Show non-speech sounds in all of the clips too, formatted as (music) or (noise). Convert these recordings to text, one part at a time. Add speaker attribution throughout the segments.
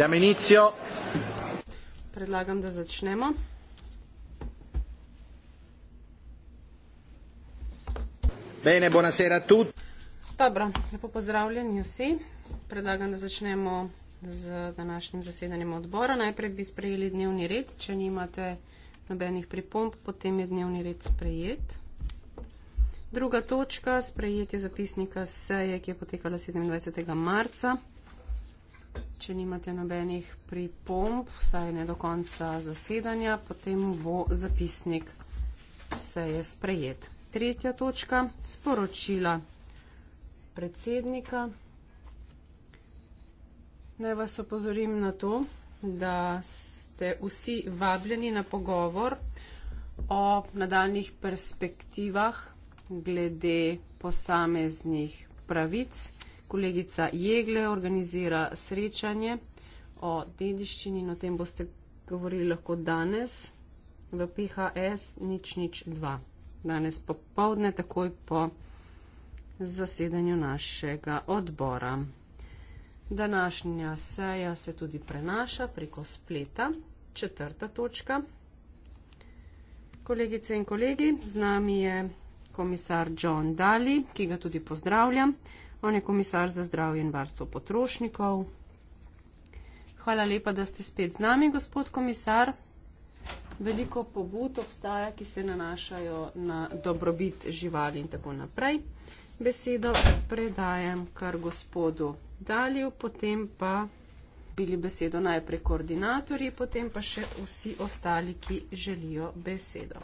Speaker 1: Diamo inizio.
Speaker 2: Predlagam, da začnemo.
Speaker 1: Bene, buonasera a tutti.
Speaker 2: Dobro, lepo pozdravljeni vsi. Predlagam, da začnemo z današnjim zasedanjem odbora. Najprej bi sprejeli dnevni red. Če nimate nobenih pripomp, potem je dnevni red sprejet. Druga točka, sprejetje zapisnika seje, ki je potekala 27. marca Če nimate nobenih pripomb, saj ne do konca zasedanja, potem bo zapisnik seje sprejet. Tretja točka, sporočila predsednika. Naj vas opozorim na to, da ste vsi vabljeni na pogovor o nadaljnih perspektivah glede posameznih pravic kolegica Jegle organizira srečanje o dediščini in o tem boste govorili lahko danes v PHS 002. Danes popovdne, takoj po zasedanju našega odbora. Današnja seja se tudi prenaša preko spleta. Četrta točka. Kolegice in kolegi, z nami je komisar John Daly, ki ga tudi pozdravljam on je komisar za zdravje in varstvo potrošnikov. Hvala lepa, da ste spet z nami, gospod komisar. Veliko pobud obstaja, ki se nanašajo na dobrobit živali in tako naprej. Besedo predajem kar gospodu Dalju, potem pa bili besedo najprej koordinatorji, potem pa še vsi ostali, ki želijo besedo.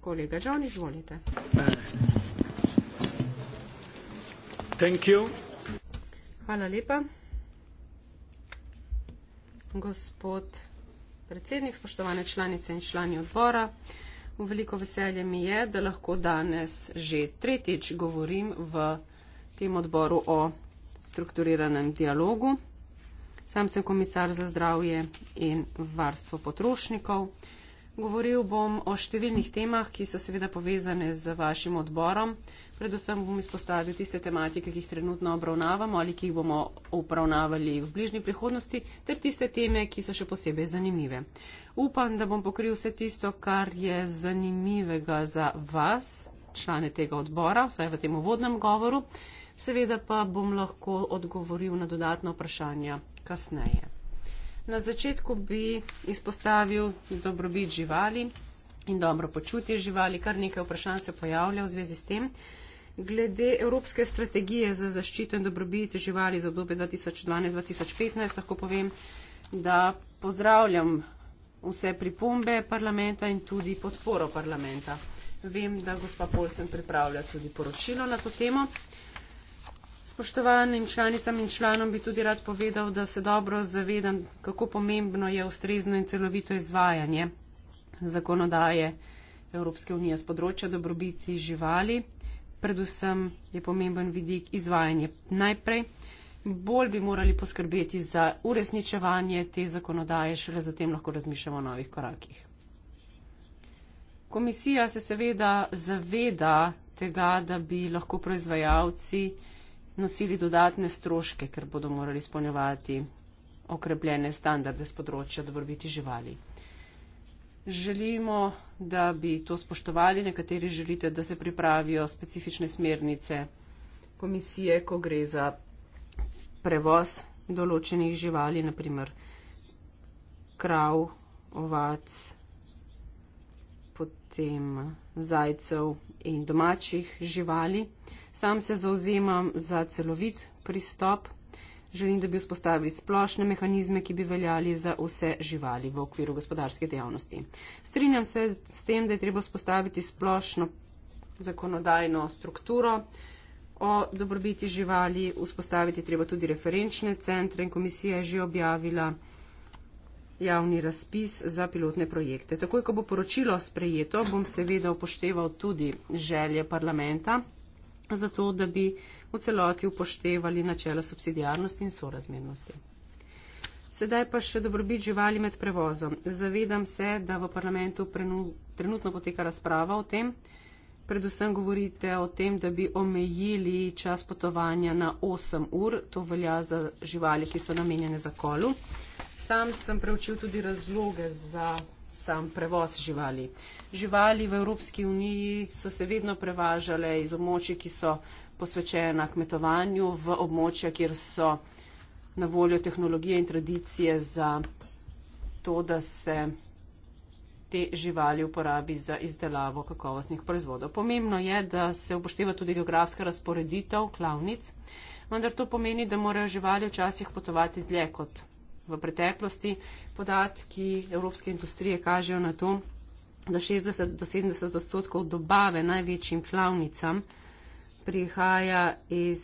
Speaker 2: Kolega John, izvolite. Eh, Hvala lepa. Gospod predsednik, spoštovane članice in člani odbora, v veliko veselje mi je, da lahko danes že tretjič govorim v tem odboru o strukturiranem dialogu. Sam sem komisar za zdravje in varstvo potrošnikov. Govoril bom o številnih temah, ki so seveda povezane z vašim odborom. Predvsem bom izpostavil tiste tematike, ki jih trenutno obravnavamo ali ki jih bomo obravnavali v bližnji prihodnosti, ter tiste teme, ki so še posebej zanimive. Upam, da bom pokril vse tisto, kar je zanimivega za vas, člane tega odbora, vsaj v tem uvodnem govoru. Seveda pa bom lahko odgovoril na dodatno vprašanje kasneje. Na začetku bi izpostavil dobrobit živali in dobro počutje živali. Kar nekaj vprašanj se pojavlja v zvezi s tem glede Evropske strategije za zaščito in dobrobit živali za obdobje 2012-2015 lahko povem, da pozdravljam vse pripombe parlamenta in tudi podporo parlamenta. Vem, da gospa Polsen pripravlja tudi poročilo na to temo. Spoštovanim članicam in članom bi tudi rad povedal, da se dobro zavedam, kako pomembno je ustrezno in celovito izvajanje zakonodaje Evropske unije z področja dobrobiti živali predvsem je pomemben vidik izvajanje najprej. Bolj bi morali poskrbeti za uresničevanje te zakonodaje, šele zatem lahko razmišljamo o novih korakih. Komisija se seveda zaveda tega, da bi lahko proizvajalci nosili dodatne stroške, ker bodo morali izpolnjevati okrepljene standarde z področja dobrobiti živali želimo, da bi to spoštovali, nekateri želite, da se pripravijo specifične smernice komisije, ko gre za prevoz določenih živali, naprimer krav, ovac, potem zajcev in domačih živali. Sam se zauzemam za celovit pristop želim, da bi vzpostavili splošne mehanizme, ki bi veljali za vse živali v okviru gospodarske dejavnosti. Strinjam se s tem, da je treba vzpostaviti splošno zakonodajno strukturo o dobrobiti živali, vzpostaviti treba tudi referenčne centre in komisija je že objavila javni razpis za pilotne projekte. Takoj, ko bo poročilo sprejeto, bom seveda upošteval tudi želje parlamenta za to, da bi v celoti upoštevali načela subsidijarnosti in sorazmernosti. Sedaj pa še dobrobit živali med prevozom. Zavedam se, da v parlamentu prenu, trenutno poteka razprava o tem. Predvsem govorite o tem, da bi omejili čas potovanja na 8 ur. To velja za živali, ki so namenjene za kolu. Sam sem preučil tudi razloge za sam prevoz živali. Živali v Evropski uniji so se vedno prevažale iz območij, ki so posvečena kmetovanju v območja, kjer so na voljo tehnologije in tradicije za to, da se te živali uporabi za izdelavo kakovostnih proizvodov. Pomembno je, da se upošteva tudi geografska razporeditev klavnic, vendar to pomeni, da morajo živali včasih potovati dlje kot v preteklosti. Podatki evropske industrije kažejo na to, da 60 do 70 odstotkov dobave največjim klavnicam prihaja iz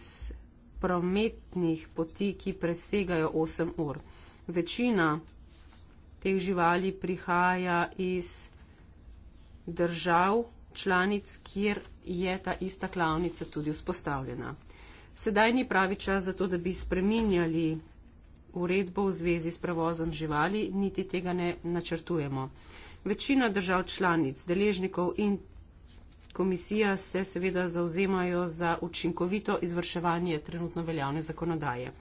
Speaker 2: prometnih poti, ki presegajo 8 ur. Večina teh živali prihaja iz držav, članic, kjer je ta ista klavnica tudi vzpostavljena. Sedaj ni pravi čas za to, da bi spreminjali uredbo v zvezi s prevozom živali, niti tega ne načrtujemo. Večina držav članic, deležnikov in komisija se seveda zauzemajo za učinkovito izvrševanje trenutno veljavne zakonodaje.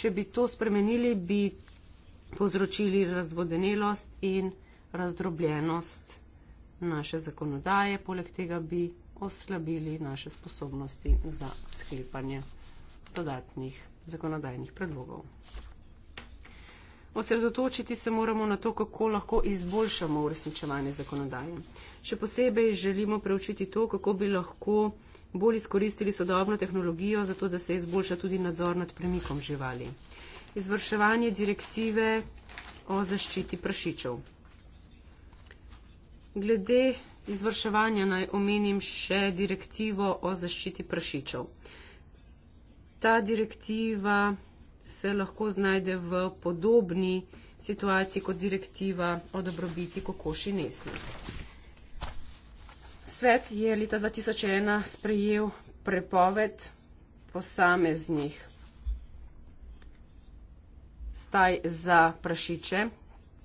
Speaker 2: Če bi to spremenili, bi povzročili razvodenelost in razdrobljenost naše zakonodaje, poleg tega bi oslabili naše sposobnosti za sklepanje dodatnih zakonodajnih predlogov. Osredotočiti se moramo na to, kako lahko izboljšamo uresničevanje zakonodaje. Še posebej želimo preučiti to, kako bi lahko bolj izkoristili sodobno tehnologijo, zato da se izboljša tudi nadzor nad premikom živali. Izvrševanje direktive o zaščiti prašičev. Glede izvrševanja naj omenim še direktivo o zaščiti prašičev. Ta direktiva se lahko znajde v podobni situaciji kot direktiva o dobrobiti kokoši neslic. Svet je leta 2001 sprejel prepoved posameznih staj za prašiče.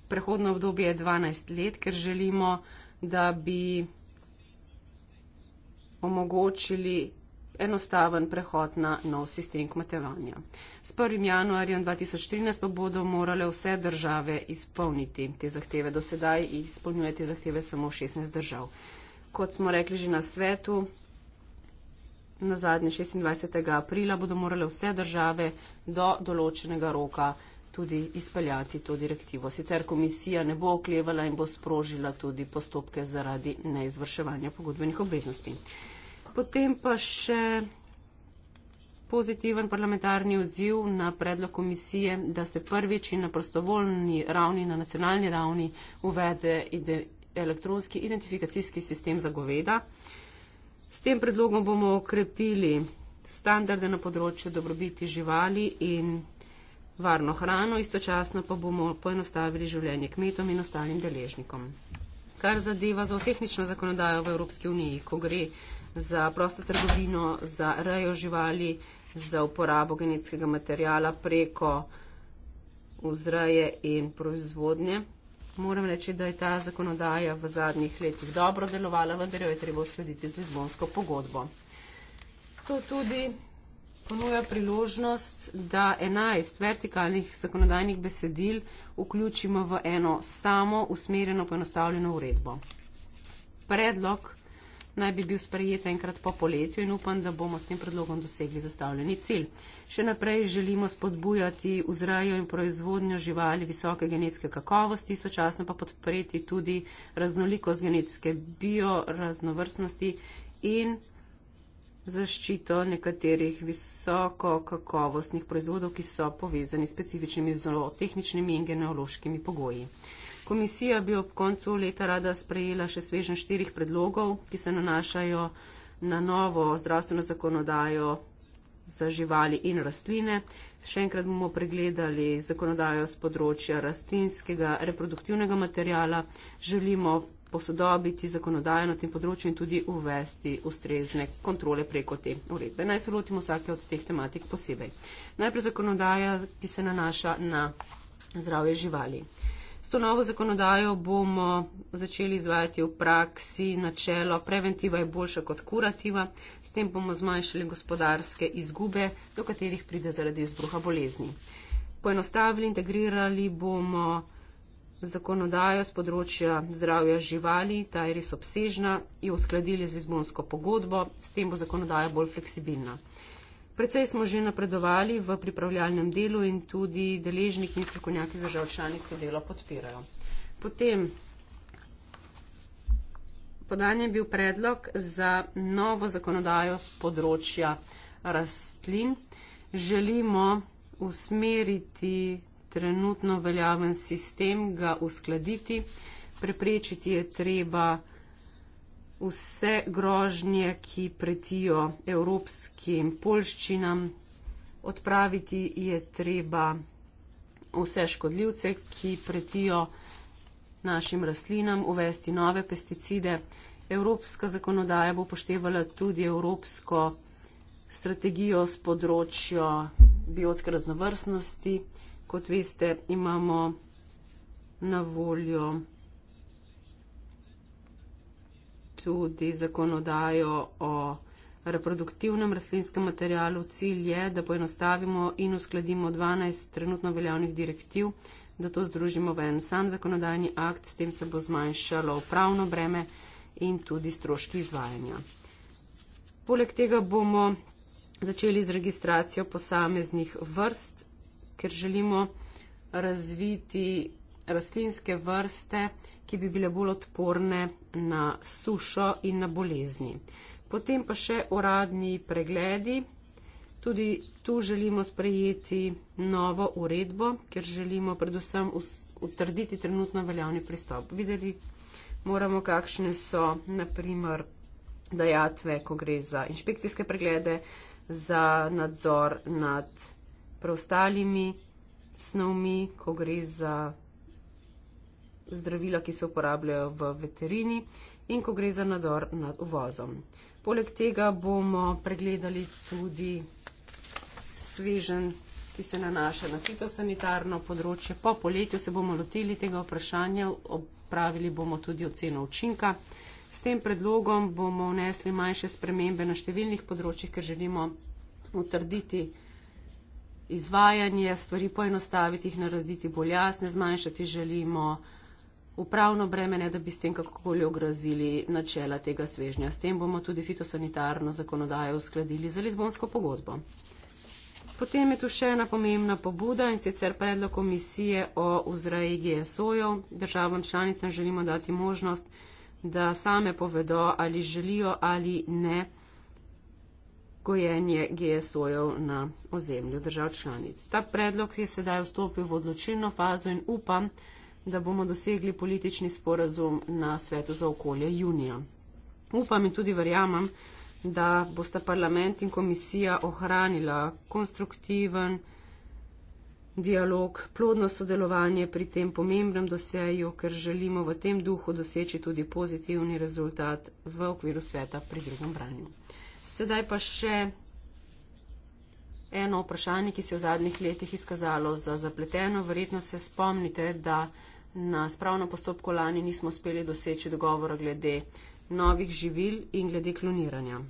Speaker 2: Prehodno obdobje je 12 let, ker želimo, da bi omogočili enostaven prehod na nov sistem kmetevanja. S 1. januarjem 2013 pa bodo morale vse države izpolniti te zahteve. Do sedaj izpolnjuje te zahteve samo 16 držav. Kot smo rekli že na svetu, na zadnje 26. aprila bodo morale vse države do določenega roka tudi izpeljati to direktivo. Sicer komisija ne bo oklevala in bo sprožila tudi postopke zaradi neizvrševanja pogodbenih obveznosti potem pa še pozitiven parlamentarni odziv na predlog komisije, da se prvič in na prostovoljni ravni, na nacionalni ravni uvede ide, elektronski identifikacijski sistem za goveda. S tem predlogom bomo okrepili standarde na področju dobrobiti živali in varno hrano, istočasno pa bomo poenostavili življenje kmetom in ostalim deležnikom. Kar zadeva zootehnično zakonodajo v Evropski uniji, ko gre za prosto trgovino, za rejo živali, za uporabo genetskega materijala preko vzreje in proizvodnje. Moram reči, da je ta zakonodaja v zadnjih letih dobro delovala, vendar jo je treba uskladiti z Lizbonsko pogodbo. To tudi ponuja priložnost, da 11 vertikalnih zakonodajnih besedil vključimo v eno samo usmerjeno poenostavljeno uredbo. Predlog naj bi bil sprejet enkrat po poletju in upam, da bomo s tem predlogom dosegli zastavljeni cilj. Še naprej želimo spodbujati vzrajo in proizvodnjo živali visoke genetske kakovosti, sočasno pa podpreti tudi raznolikost genetske bioraznovrstnosti in zaščito nekaterih visoko kakovostnih proizvodov, ki so povezani s specifičnimi zootehničnimi in genološkimi pogoji. Komisija bi ob koncu leta rada sprejela še svežen štirih predlogov, ki se nanašajo na novo zdravstveno zakonodajo za živali in rastline. Še enkrat bomo pregledali zakonodajo z področja rastlinskega reproduktivnega materijala. Želimo posodobiti zakonodajo na tem področju in tudi uvesti ustrezne kontrole preko te uredbe. Naj se lotimo vsake od teh tematik posebej. Najprej zakonodaja, ki se nanaša na zdravje živali. S to novo zakonodajo bomo začeli izvajati v praksi načelo preventiva je boljša kot kurativa, s tem bomo zmanjšali gospodarske izgube, do katerih pride zaradi izbruha bolezni. Poenostavili, integrirali bomo zakonodajo z področja zdravja živali, ta je res obsežna, jo uskladili z Lizbonsko pogodbo, s tem bo zakonodaja bolj fleksibilna. Predvsej smo že napredovali v pripravljalnem delu in tudi deležniki in strokovnjaki za žalčanje to delo podpirajo. Potem podan je bil predlog za novo zakonodajo z področja rastlin. Želimo usmeriti trenutno veljaven sistem, ga uskladiti, preprečiti je treba vse grožnje, ki pretijo evropskim polščinam. Odpraviti je treba vse škodljivce, ki pretijo našim rastlinam, uvesti nove pesticide. Evropska zakonodaja bo poštevala tudi evropsko strategijo z področja biotske raznovrstnosti. Kot veste, imamo na voljo tudi zakonodajo o reproduktivnem rastlinskem materialu. Cilj je, da poenostavimo in uskladimo 12 trenutno veljavnih direktiv, da to združimo v en sam zakonodajni akt, s tem se bo zmanjšalo upravno breme in tudi stroški izvajanja. Poleg tega bomo začeli z registracijo posameznih vrst, ker želimo razviti rastlinske vrste, ki bi bile bolj odporne na sušo in na bolezni. Potem pa še uradni pregledi. Tudi tu želimo sprejeti novo uredbo, ker želimo predvsem utrditi trenutno veljavni pristop. Videli moramo, kakšne so naprimer dajatve, ko gre za inšpekcijske preglede, za nadzor nad preostalimi snovmi, ko gre za zdravila, ki se uporabljajo v veterini in ko gre za nadzor nad uvozom. Poleg tega bomo pregledali tudi svežen, ki se nanaša na fitosanitarno področje. Po poletju se bomo lotili tega vprašanja, opravili bomo tudi oceno učinka. S tem predlogom bomo vnesli manjše spremembe na številnih področjih, ker želimo utrditi izvajanje, stvari poenostaviti, jih narediti bolj jasne, zmanjšati želimo upravno breme, ne da bi s tem kakokoli ogrozili načela tega svežnja. S tem bomo tudi fitosanitarno zakonodajo uskladili za Lizbonsko pogodbo. Potem je tu še ena pomembna pobuda in sicer predlog komisije o vzreji GSO-jev. Državam članicam želimo dati možnost, da same povedo, ali želijo ali ne gojenje GSO-jev na ozemlju držav članic. Ta predlog je sedaj vstopil v odločilno fazo in upam, da bomo dosegli politični sporazum na svetu za okolje junija. Upam in tudi verjamem, da bosta parlament in komisija ohranila konstruktiven dialog, plodno sodelovanje pri tem pomembnem doseju, ker želimo v tem duhu doseči tudi pozitivni rezultat v okviru sveta pri drugem branju. Sedaj pa še eno vprašanje, ki se je v zadnjih letih izkazalo za zapleteno. Verjetno se spomnite, da na spravnem postopku lani nismo uspeli doseči dogovora glede novih živil in glede kloniranja.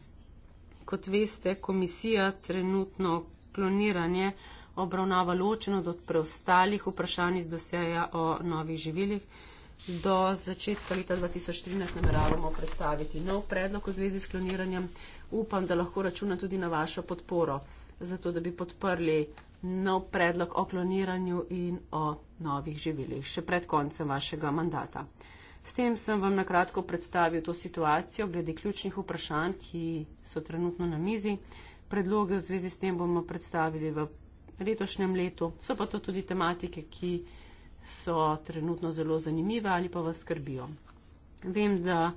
Speaker 2: Kot veste, komisija trenutno kloniranje obravnava ločeno od preostalih vprašanj iz doseja o novih živilih. Do začetka leta 2013 nameravamo predstaviti nov predlog v zvezi s kloniranjem. Upam, da lahko računa tudi na vašo podporo, zato da bi podprli nov predlog o kloniranju in o novih živilih še pred koncem vašega mandata. S tem sem vam nakratko predstavil to situacijo glede ključnih vprašanj, ki so trenutno na mizi. Predloge v zvezi s tem bomo predstavili v letošnjem letu. So pa to tudi tematike, ki so trenutno zelo zanimive ali pa vas skrbijo. Vem, da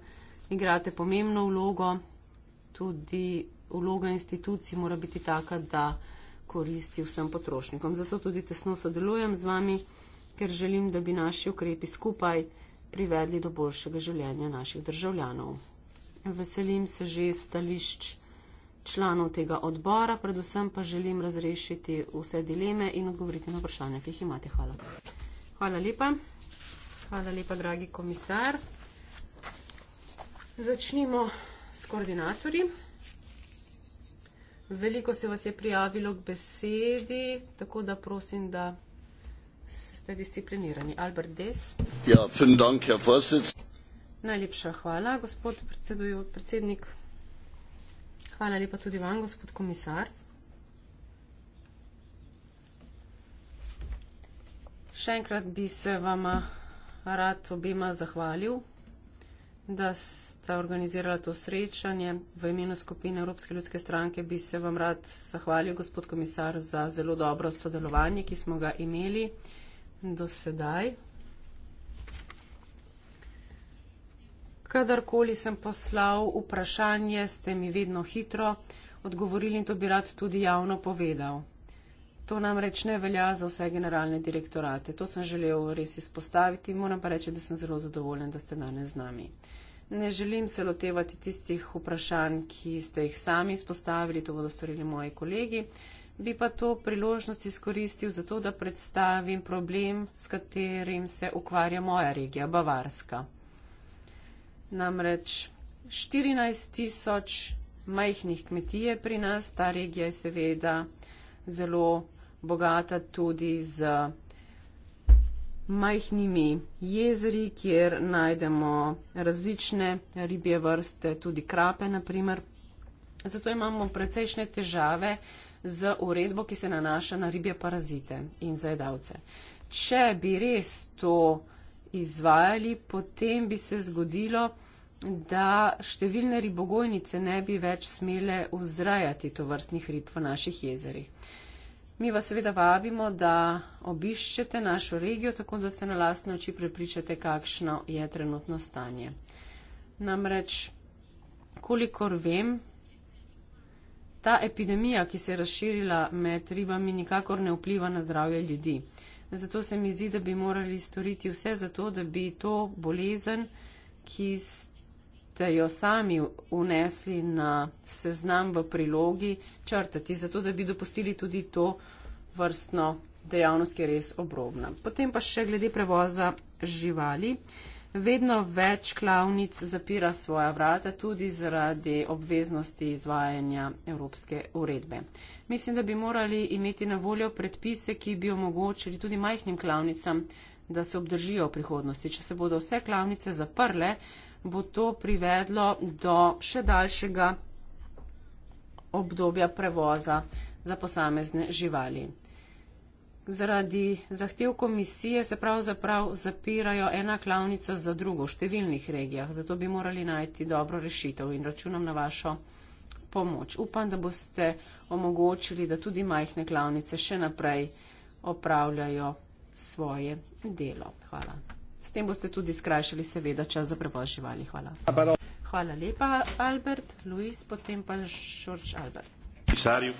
Speaker 2: igrate pomembno vlogo, tudi vloga institucij mora biti taka, da koristi vsem potrošnikom. Zato tudi tesno sodelujem z vami, ker želim, da bi naši ukrepi skupaj privedli do boljšega življenja naših državljanov. Veselim se že stališč članov tega odbora, predvsem pa želim razrešiti vse dileme in odgovoriti na vprašanja, ki jih imate. Hvala. Hvala lepa. Hvala lepa, dragi komisar. Začnimo s koordinatorji. Veliko se vas je prijavilo k besedi, tako da prosim, da ste disciplinirani. Albert Des.
Speaker 3: Ja, vielen Dank, Herr Vorsitz.
Speaker 2: Najlepša hvala, gospod predsedujo, predsednik. Hvala lepa tudi vam, gospod komisar. Še enkrat bi se vama rad obima zahvalil da sta organizirala to srečanje v imenu skupine Evropske ljudske stranke, bi se vam rad zahvalil, gospod komisar, za zelo dobro sodelovanje, ki smo ga imeli do sedaj. Kadarkoli sem poslal vprašanje, ste mi vedno hitro odgovorili in to bi rad tudi javno povedal. To namreč ne velja za vse generalne direktorate. To sem želel res izpostaviti. Moram pa reči, da sem zelo zadovoljen, da ste danes z nami ne želim se lotevati tistih vprašanj, ki ste jih sami izpostavili, to bodo storili moji kolegi, bi pa to priložnost izkoristil zato, da predstavim problem, s katerim se ukvarja moja regija, Bavarska. Namreč 14 tisoč majhnih kmetij je pri nas, ta regija je seveda zelo bogata tudi z majhnimi jezeri, kjer najdemo različne ribje vrste, tudi krape, naprimer. Zato imamo precejšnje težave z uredbo, ki se nanaša na ribje parazite in zajedavce. Če bi res to izvajali, potem bi se zgodilo, da številne ribogojnice ne bi več smele vzrajati to vrstnih rib v naših jezerih. Mi vas seveda vabimo, da obiščete našo regijo, tako da se na lastne oči prepričate, kakšno je trenutno stanje. Namreč, kolikor vem, ta epidemija, ki se je razširila med ribami, nikakor ne vpliva na zdravje ljudi. Zato se mi zdi, da bi morali storiti vse za to, da bi to bolezen, ki ste jo sami unesli na seznam v prilogi, črtati, zato da bi dopustili tudi to vrstno dejavnost, ki je res obrobna. Potem pa še glede prevoza živali. Vedno več klavnic zapira svoja vrata tudi zaradi obveznosti izvajanja Evropske uredbe. Mislim, da bi morali imeti na voljo predpise, ki bi omogočili tudi majhnim klavnicam, da se obdržijo v prihodnosti. Če se bodo vse klavnice zaprle, bo to privedlo do še daljšega obdobja prevoza za posamezne živali zaradi zahtev komisije se pravzaprav zapirajo ena klavnica za drugo v številnih regijah. Zato bi morali najti dobro rešitev in računam na vašo pomoč. Upam, da boste omogočili, da tudi majhne klavnice še naprej opravljajo svoje delo. Hvala. S tem boste tudi skrajšali seveda čas za prevoz živali. Hvala. Hvala lepa, Albert. Luis, potem pa George Albert.
Speaker 4: Pisarju,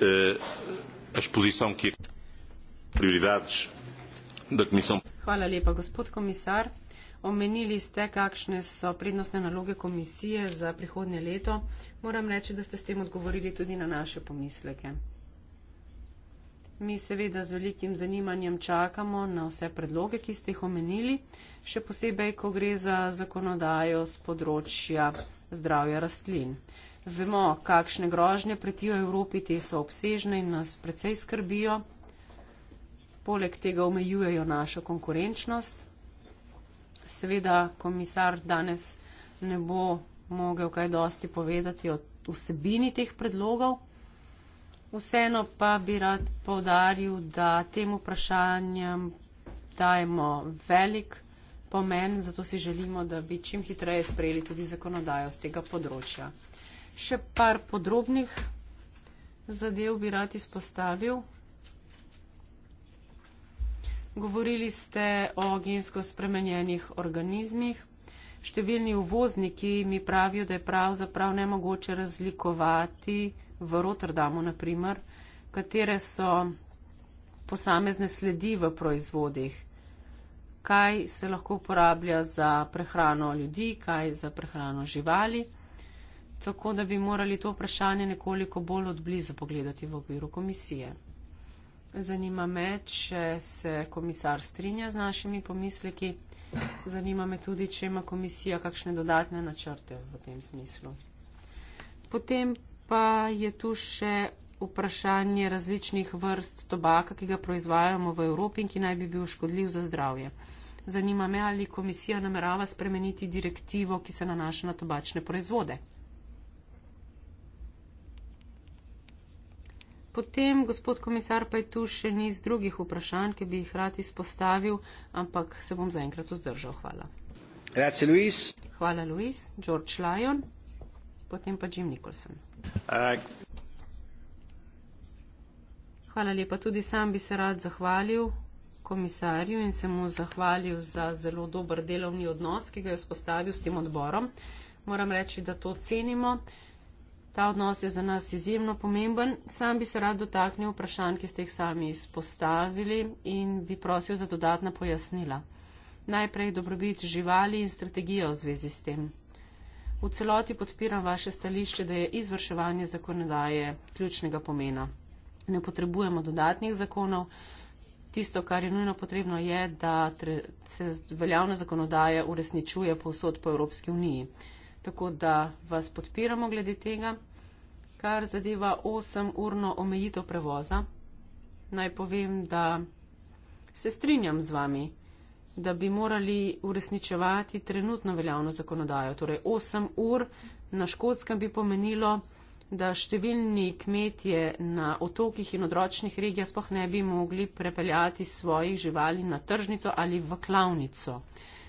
Speaker 4: eh, ki je prioridades da Comissão.
Speaker 2: Hvala lepa, gospod komisar. Omenili ste, kakšne so prednostne naloge komisije za prihodnje leto. Moram reči, da ste s tem odgovorili tudi na naše pomisleke. Mi seveda z velikim zanimanjem čakamo na vse predloge, ki ste jih omenili, še posebej, ko gre za zakonodajo z področja zdravja rastlin. Vemo, kakšne grožnje pretijo Evropi, te so obsežne in nas precej skrbijo, poleg tega omejujejo našo konkurenčnost. Seveda komisar danes ne bo mogel kaj dosti povedati o vsebini teh predlogov. Vseeno pa bi rad povdaril, da tem vprašanjem dajemo velik pomen, zato si želimo, da bi čim hitreje sprejeli tudi zakonodajo z tega področja. Še par podrobnih zadev bi rad izpostavil. Govorili ste o gensko spremenjenih organizmih. Številni uvozniki mi pravijo, da je pravzaprav nemogoče razlikovati v Rotterdamu, naprimer, katere so posamezne sledi v proizvodih, kaj se lahko uporablja za prehrano ljudi, kaj za prehrano živali. Tako da bi morali to vprašanje nekoliko bolj odblizu pogledati v okviru komisije. Zanima me, če se komisar strinja z našimi pomisleki. Zanima me tudi, če ima komisija kakšne dodatne načrte v tem smislu. Potem pa je tu še vprašanje različnih vrst tobaka, ki ga proizvajamo v Evropi in ki naj bi bil škodljiv za zdravje. Zanima me, ali komisija namerava spremeniti direktivo, ki se nanaša na tobačne proizvode. Potem, gospod komisar, pa je tu še niz drugih vprašanj, ki bi jih rad izpostavil, ampak se bom zaenkrat vzdržal. Hvala.
Speaker 1: Grazie, Luis.
Speaker 2: Hvala, Luis. George Lyon, potem pa Jim Nicholson. Uh. Hvala lepa. Tudi sam bi se rad zahvalil komisarju in se mu zahvalil za zelo dober delovni odnos, ki ga je vzpostavil s tem odborom. Moram reči, da to cenimo. Ta odnos je za nas izjemno pomemben. Sam bi se rad dotaknil vprašanj, ki ste jih sami izpostavili in bi prosil za dodatna pojasnila. Najprej dobrobit živali in strategijo v zvezi s tem. V celoti podpiram vaše stališče, da je izvrševanje zakonodaje ključnega pomena. Ne potrebujemo dodatnih zakonov. Tisto, kar je nujno potrebno, je, da se veljavna zakonodaja uresničuje povsod po Evropski uniji tako da vas podpiramo glede tega. Kar zadeva 8-urno omejitev prevoza, naj povem, da se strinjam z vami, da bi morali uresničevati trenutno veljavno zakonodajo. Torej 8 ur na škotskem bi pomenilo, da številni kmetje na otokih in odročnih regijah spoh ne bi mogli prepeljati svojih živali na tržnico ali v klavnico,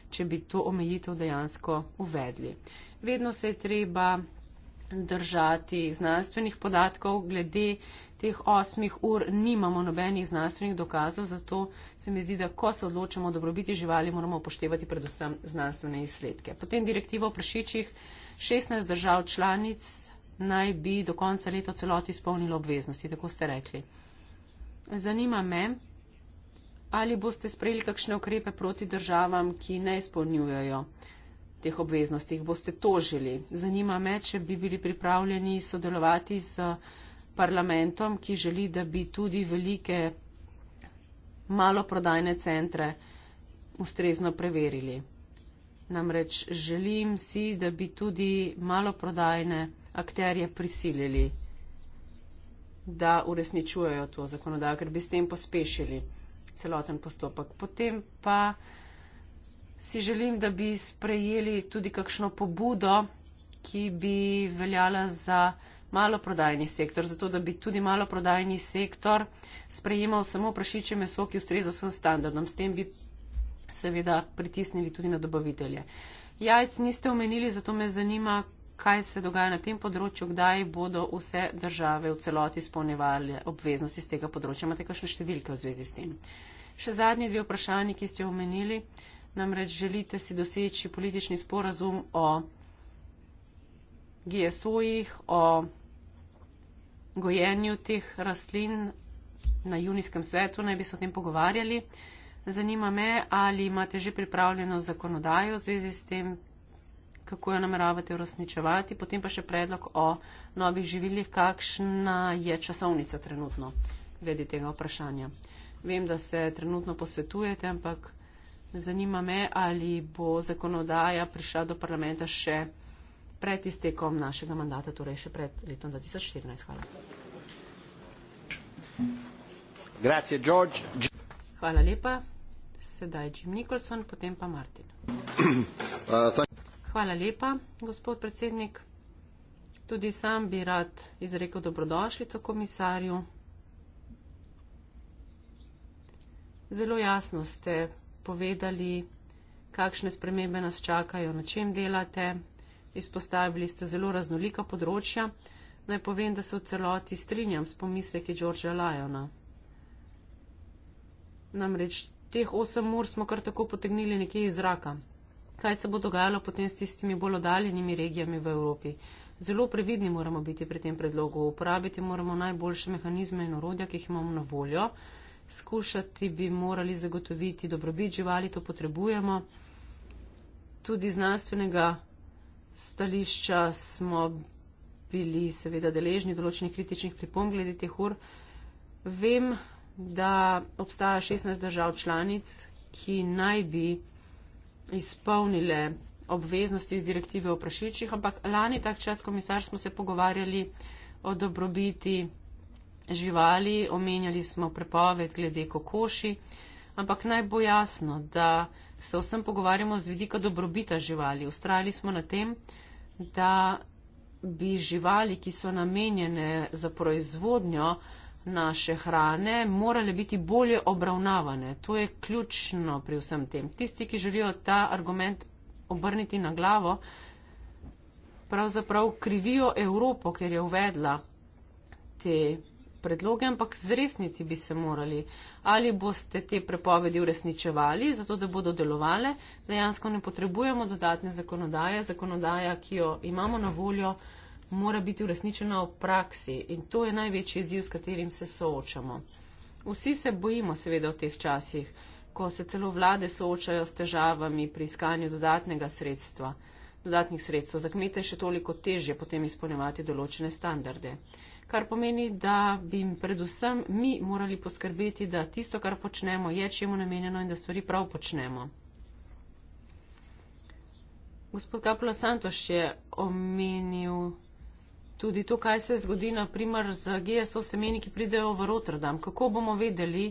Speaker 2: če bi to omejitev dejansko uvedli vedno se je treba držati znanstvenih podatkov. Glede teh osmih ur nimamo nobenih znanstvenih dokazov, zato se mi zdi, da ko se odločamo o dobrobiti živali, moramo upoštevati predvsem znanstvene izsledke. Potem direktiva o prašičih. 16 držav članic naj bi do konca leta v celoti izpolnilo obveznosti, tako ste rekli. Zanima me, ali boste sprejeli kakšne ukrepe proti državam, ki ne izpolnjujejo teh obveznostih. Boste tožili. Zanima me, če bi bili pripravljeni sodelovati z parlamentom, ki želi, da bi tudi velike maloprodajne centre ustrezno preverili. Namreč želim si, da bi tudi maloprodajne akterje prisilili, da uresničujejo to zakonodajo, ker bi s tem pospešili celoten postopek. Potem pa si želim, da bi sprejeli tudi kakšno pobudo, ki bi veljala za maloprodajni sektor, zato da bi tudi maloprodajni sektor sprejemal samo prašiče meso, ki ustreza vsem standardom. S tem bi seveda pritisnili tudi na dobavitelje. Jajc niste omenili, zato me zanima, kaj se dogaja na tem področju, kdaj bodo vse države v celoti spolnevali obveznosti z tega področja. Imate kakšne številke v zvezi s tem? Še zadnji dve vprašanji, ki ste omenili namreč želite si doseči politični sporazum o GSO-jih, o gojenju teh rastlin na junijskem svetu, naj bi se o tem pogovarjali. Zanima me, ali imate že pripravljeno zakonodajo v zvezi s tem, kako jo nameravate uresničevati, potem pa še predlog o novih živilih, kakšna je časovnica trenutno glede tega vprašanja. Vem, da se trenutno posvetujete, ampak. Zanima me, ali bo zakonodaja prišla do parlamenta še pred iztekom našega mandata, torej še pred letom 2014. Hvala.
Speaker 1: Grazie, George.
Speaker 2: Hvala lepa. Sedaj Jim Nicholson, potem pa Martin. (clears throat) Uh, Hvala lepa, gospod predsednik. Tudi sam bi rad izrekel dobrodošlico komisarju. Zelo jasno ste povedali, kakšne spremembe nas čakajo, na čem delate. Izpostavili ste zelo raznolika področja. Naj povem, da se v celoti strinjam s pomisleki Georgea Lajona. Namreč teh osem mur smo kar tako potegnili nekje iz zraka. Kaj se bo dogajalo potem s tistimi bolj odaljenimi regijami v Evropi? Zelo previdni moramo biti pri tem predlogu. Uporabiti moramo najboljše mehanizme in orodja, ki jih imamo na voljo skušati bi morali zagotoviti dobrobit živali, to potrebujemo. Tudi znanstvenega stališča smo bili seveda deležni določenih kritičnih pripomb glede teh ur. Vem, da obstaja 16 držav članic, ki naj bi izpolnile obveznosti iz direktive o prašičih, ampak lani tak čas komisar smo se pogovarjali o dobrobiti živali, omenjali smo prepoved glede kokoši, ampak naj bo jasno, da se vsem pogovarjamo z vidika dobrobita živali. Ustrajali smo na tem, da bi živali, ki so namenjene za proizvodnjo naše hrane, morale biti bolje obravnavane. To je ključno pri vsem tem. Tisti, ki želijo ta argument obrniti na glavo, pravzaprav krivijo Evropo, ker je uvedla te predloge, ampak zresniti bi se morali. Ali boste te prepovedi uresničevali, zato da bodo delovale, dejansko ne potrebujemo dodatne zakonodaje. Zakonodaja, ki jo imamo na voljo, mora biti uresničena v praksi in to je največji izziv, s katerim se soočamo. Vsi se bojimo seveda v teh časih, ko se celo vlade soočajo s težavami pri iskanju dodatnega sredstva. Dodatnih sredstv za kmete je še toliko težje potem izpolnjevati določene standarde kar pomeni, da bi jim predvsem mi morali poskrbeti, da tisto, kar počnemo, je čemu namenjeno in da stvari prav počnemo. Gospod Kapula Santoš je omenil tudi to, kaj se zgodi na primer z GSO semeni, ki pridejo v Rotterdam. Kako bomo vedeli,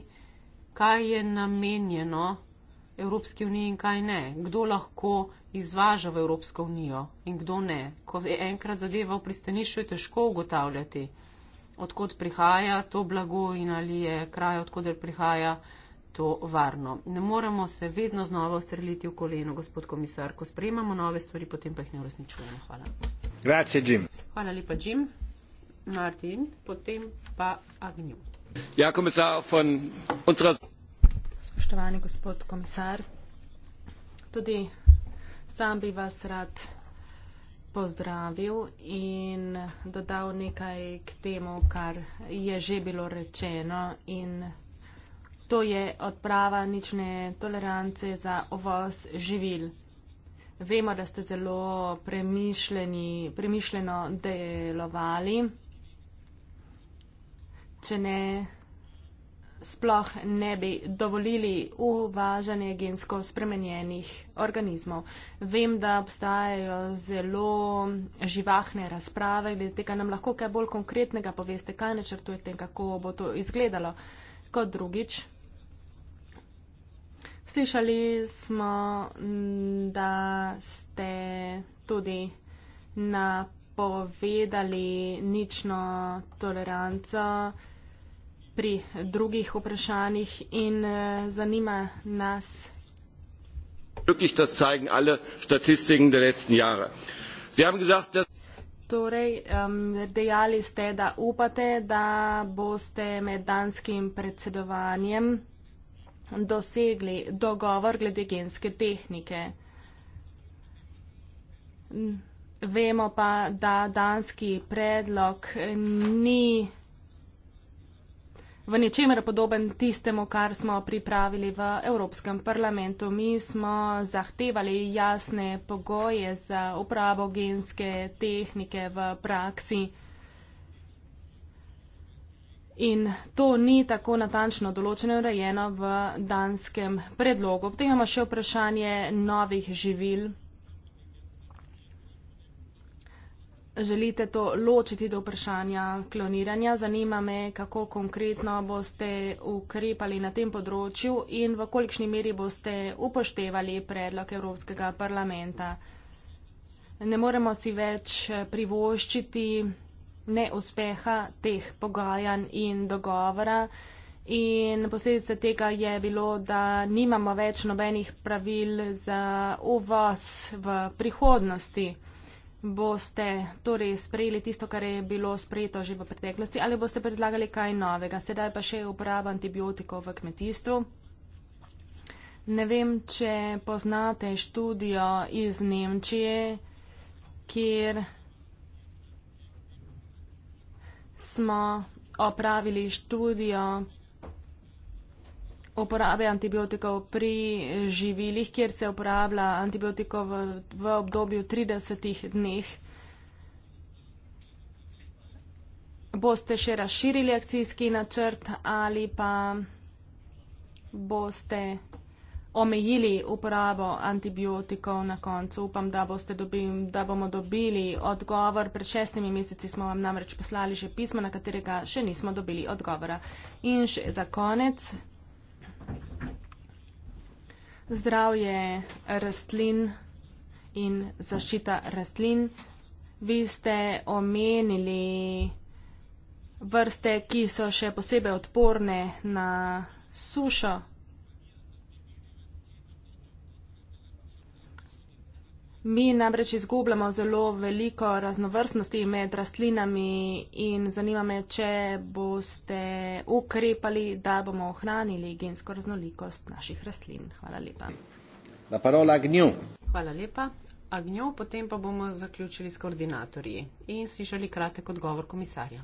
Speaker 2: kaj je namenjeno Evropski uniji in kaj ne? Kdo lahko izvaža v Evropsko unijo in kdo ne? Ko je enkrat zadeva v pristanišču, je težko ugotavljati odkot prihaja to blago in ali je kraj, odkot prihaja to varno. Ne moramo se vedno znova ostreliti v koleno, gospod komisar. Ko sprejemamo nove stvari, potem pa jih ne uresničujemo. Hvala.
Speaker 4: Grazie, Jim.
Speaker 2: Hvala lepa, Jim. Martin, potem pa Agnew.
Speaker 4: Ja, komisar, von unsere...
Speaker 3: Spoštovani gospod komisar, tudi sam bi vas rad pozdravil in dodal nekaj k temu, kar je že bilo rečeno in to je odprava nične tolerance za ovoz živil. Vemo, da ste zelo premišljeno delovali. Če ne, sploh ne bi dovolili uvažanje gensko spremenjenih organizmov. Vem, da obstajajo zelo živahne razprave, glede tega nam lahko kaj bolj konkretnega poveste, kaj načrtujete in kako bo to izgledalo. Kot drugič, slišali smo, da ste tudi napovedali nično toleranco pri drugih vprašanjih in eh, zanima nas.
Speaker 4: Glücklich, das zeigen alle Statistiken der letzten Jahre. Sie haben gesagt, dass.
Speaker 3: Torej, um, dejali ste, da upate, da boste med danskim predsedovanjem dosegli dogovor glede genske tehnike. Vemo pa, da danski predlog ni v ničemer podoben tistemu, kar smo pripravili v Evropskem parlamentu. Mi smo zahtevali jasne pogoje za upravo genske tehnike v praksi. In to ni tako natančno določeno urejeno v danskem predlogu. Potem imamo še vprašanje novih živil. želite to ločiti do vprašanja kloniranja. Zanima me, kako konkretno boste ukrepali na tem področju in v kolikšni meri boste upoštevali predlog Evropskega parlamenta. Ne moremo si več privoščiti neuspeha teh pogajanj in dogovora. In posledica tega je bilo, da nimamo več nobenih pravil za uvoz v prihodnosti boste torej sprejeli tisto, kar je bilo sprejeto že v preteklosti, ali boste predlagali kaj novega. Sedaj pa še uporaba antibiotikov v kmetijstvu. Ne vem, če poznate študijo iz Nemčije, kjer smo opravili študijo uporabe antibiotikov pri živilih, kjer se uporablja antibiotikov v, v obdobju 30 dneh. Boste še razširili akcijski načrt ali pa boste omejili uporabo antibiotikov na koncu. Upam, da, dobim, da bomo dobili odgovor. Pred šestimi meseci smo vam namreč poslali že pismo, na katerega še nismo dobili odgovora. In še za konec zdravje rastlin in zaščita rastlin. Vi ste omenili vrste, ki so še posebej odporne na sušo. Mi namreč izgubljamo zelo veliko raznovrstnosti med rastlinami in zanima me, če boste ukrepali, da bomo ohranili gensko raznolikost
Speaker 2: naših rastlin. Hvala lepa.
Speaker 1: La parola gnju.
Speaker 2: Hvala lepa. Agnjo, potem pa bomo zaključili s koordinatorji in slišali kratek odgovor komisarja.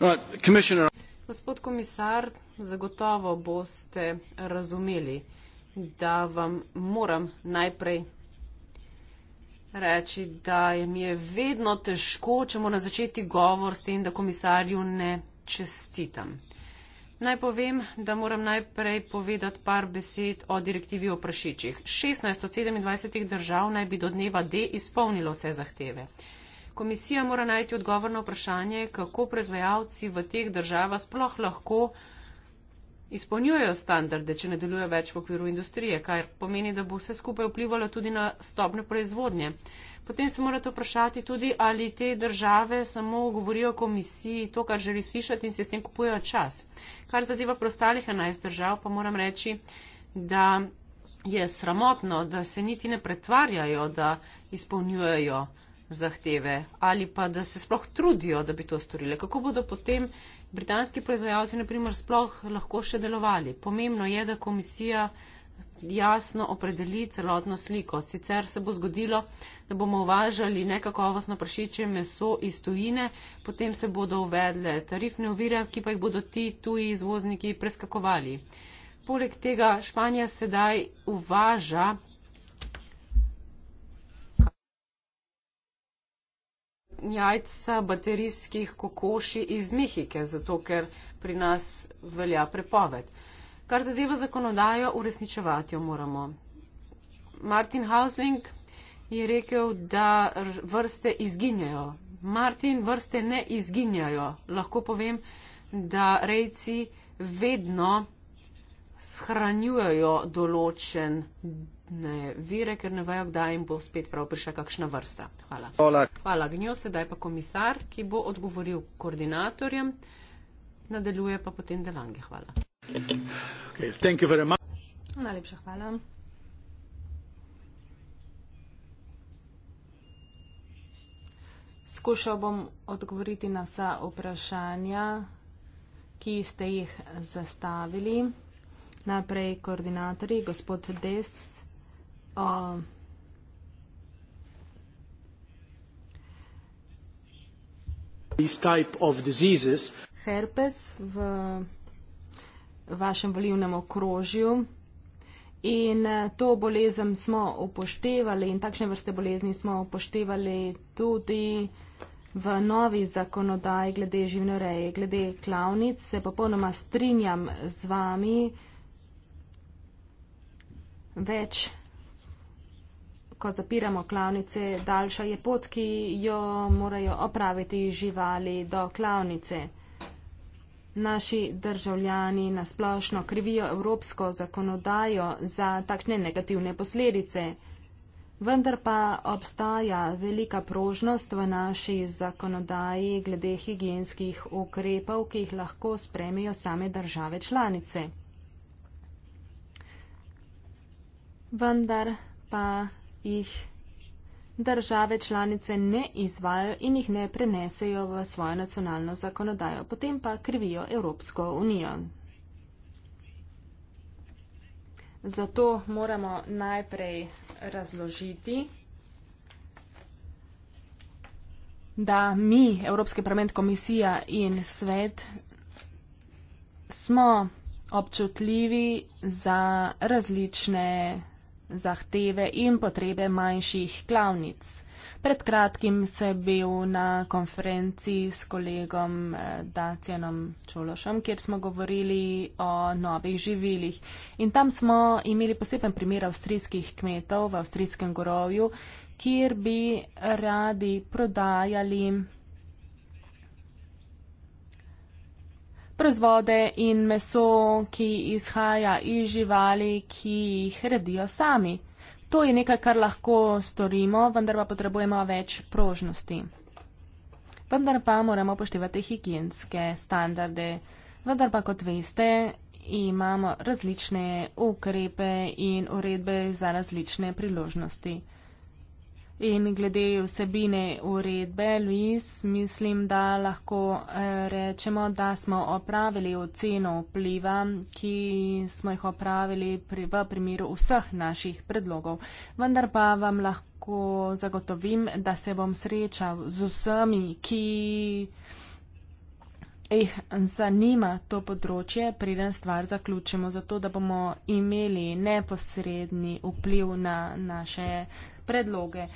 Speaker 4: Uh, right,
Speaker 2: Gospod komisar, zagotovo boste razumeli, da vam moram najprej reči, da je mi je vedno težko, če moram začeti govor s tem, da komisarju ne čestitam. Naj povem, da moram najprej povedati par besed o direktivi o prašičih. 16 od 27 držav naj bi do dneva D izpolnilo vse zahteve. Komisija mora najti odgovor na vprašanje, kako proizvajalci v teh državah sploh lahko izpolnjujejo standarde, če ne delujejo več v okviru industrije, kar pomeni, da bo vse skupaj vplivalo tudi na stopne proizvodnje. Potem se morate vprašati tudi, ali te države samo govorijo komisiji to, kar želi slišati in se s tem kupujejo čas. Kar zadeva preostalih 11 držav, pa moram reči, da je sramotno, da se niti ne pretvarjajo, da izpolnjujejo zahteve ali pa da se sploh trudijo, da bi to storile. Kako bodo potem britanski proizvajalci naprimer sploh lahko še delovali. Pomembno je, da komisija jasno opredeli celotno sliko. Sicer se bo zgodilo, da bomo uvažali nekakovostno prašiče meso iz tujine, potem se bodo uvedle tarifne uvire, ki pa jih bodo ti tuji izvozniki preskakovali. Poleg tega Španija sedaj uvaža jajca baterijskih kokoši iz Mehike, zato ker pri nas velja prepoved. Kar zadeva zakonodajo, uresničevati jo moramo. Martin Hausling je rekel, da vrste izginjajo. Martin, vrste ne izginjajo. Lahko povem, da rejci vedno shranjujejo določen dodatne vire, ker ne vejo, kdaj jim bo spet prav prišla kakšna vrsta. Hvala. Hvala, Hvala Gnjo, sedaj pa komisar, ki bo odgovoril koordinatorjem, nadaljuje pa potem Delange. Hvala.
Speaker 4: Okay,
Speaker 3: Najlepša hvala. Skušal bom odgovoriti na vsa vprašanja, ki ste jih zastavili. Najprej koordinatorji, gospod Des. Um,
Speaker 4: these type of diseases.
Speaker 3: Herpes v vašem volivnem okrožju. In eh, to bolezen smo upoštevali in takšne vrste bolezni smo upoštevali tudi v novi zakonodaji glede živnoreje, glede klavnic. Se popolnoma strinjam z vami. Več ko zapiramo klavnice, daljša je pot, ki jo morajo opraviti živali do klavnice. Naši državljani nasplošno krivijo evropsko zakonodajo za takšne negativne posledice. Vendar pa obstaja velika prožnost v naši zakonodaji glede higijenskih ukrepov, ki jih lahko spremijo same države članice. Vendar pa jih države članice ne izvajo in jih ne prenesejo v svojo nacionalno zakonodajo, potem pa krivijo Evropsko unijo. Zato moramo najprej razložiti, da mi, Evropski parlament, komisija in svet, smo občutljivi za različne zahteve in potrebe manjših klavnic. Pred kratkim se bil na konferenci s kolegom eh, Dacijanom Čološom, kjer smo govorili o novih živilih. In tam smo imeli poseben primer avstrijskih kmetov v avstrijskem gorovju, kjer bi radi prodajali proizvode in meso, ki izhaja iz živali, ki jih redijo sami. To je nekaj, kar lahko storimo, vendar pa potrebujemo več prožnosti. Vendar pa moramo poštevati higijenske standarde. Vendar pa, kot veste, imamo različne ukrepe in uredbe za različne priložnosti. In glede vsebine uredbe, Luis, mislim, da lahko eh, rečemo, da smo opravili oceno vpliva, ki smo jih opravili pri, v primeru vseh naših predlogov. Vendar pa vam lahko zagotovim, da se bom srečal z vsemi, ki jih zanima to področje, preden stvar zaključimo, zato da bomo imeli neposredni vpliv na naše predloge.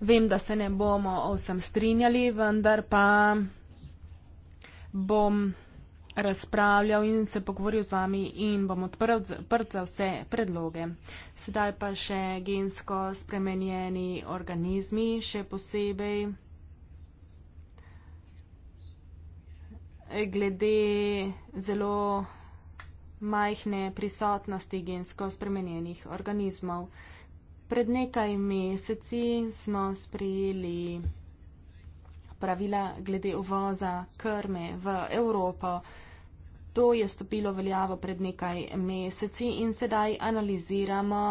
Speaker 3: Vem, da se ne bomo vsem strinjali, vendar pa bom razpravljal in se pogovoril z vami in bom odprl, odprl za vse predloge. Sedaj pa še gensko spremenjeni organizmi, še posebej glede zelo majhne prisotnosti gensko spremenjenih organizmov. Pred nekaj meseci smo sprejeli pravila glede uvoza krme v Evropo. To je stopilo veljavo pred nekaj meseci in sedaj analiziramo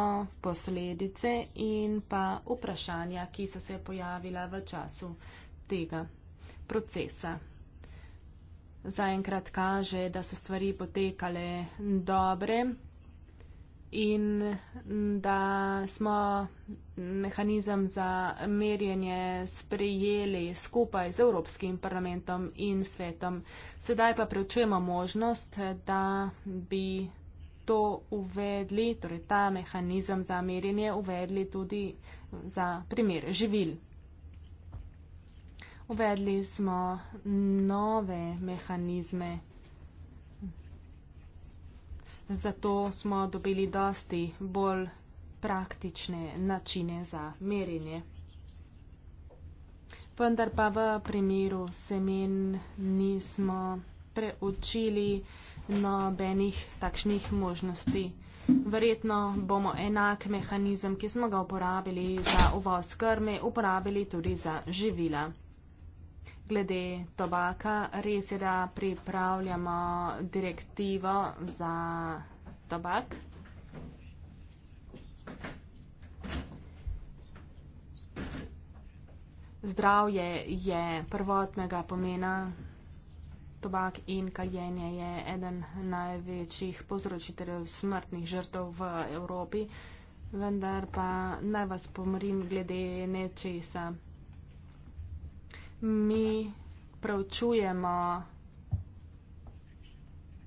Speaker 3: posledice in pa vprašanja, ki so se pojavila v času tega procesa. Zaenkrat kaže, da so stvari potekale dobre in da smo mehanizem za merjenje sprejeli skupaj z Evropskim parlamentom in svetom. Sedaj pa preučujemo možnost, da bi to uvedli, torej ta mehanizem za merjenje uvedli tudi za primer živil. Uvedli smo nove mehanizme zato smo dobili dosti bolj praktične načine za merjenje. Vendar pa v primeru semen nismo preučili nobenih takšnih možnosti. Verjetno bomo enak mehanizem, ki smo ga uporabili za uvoz krme, uporabili tudi za živila glede tobaka. Res je, da pripravljamo direktivo za tobak. Zdravje je prvotnega pomena. Tobak in kajenje je eden največjih povzročiteljev smrtnih žrtev v Evropi. Vendar pa naj vas pomorim glede nečesa mi preučujemo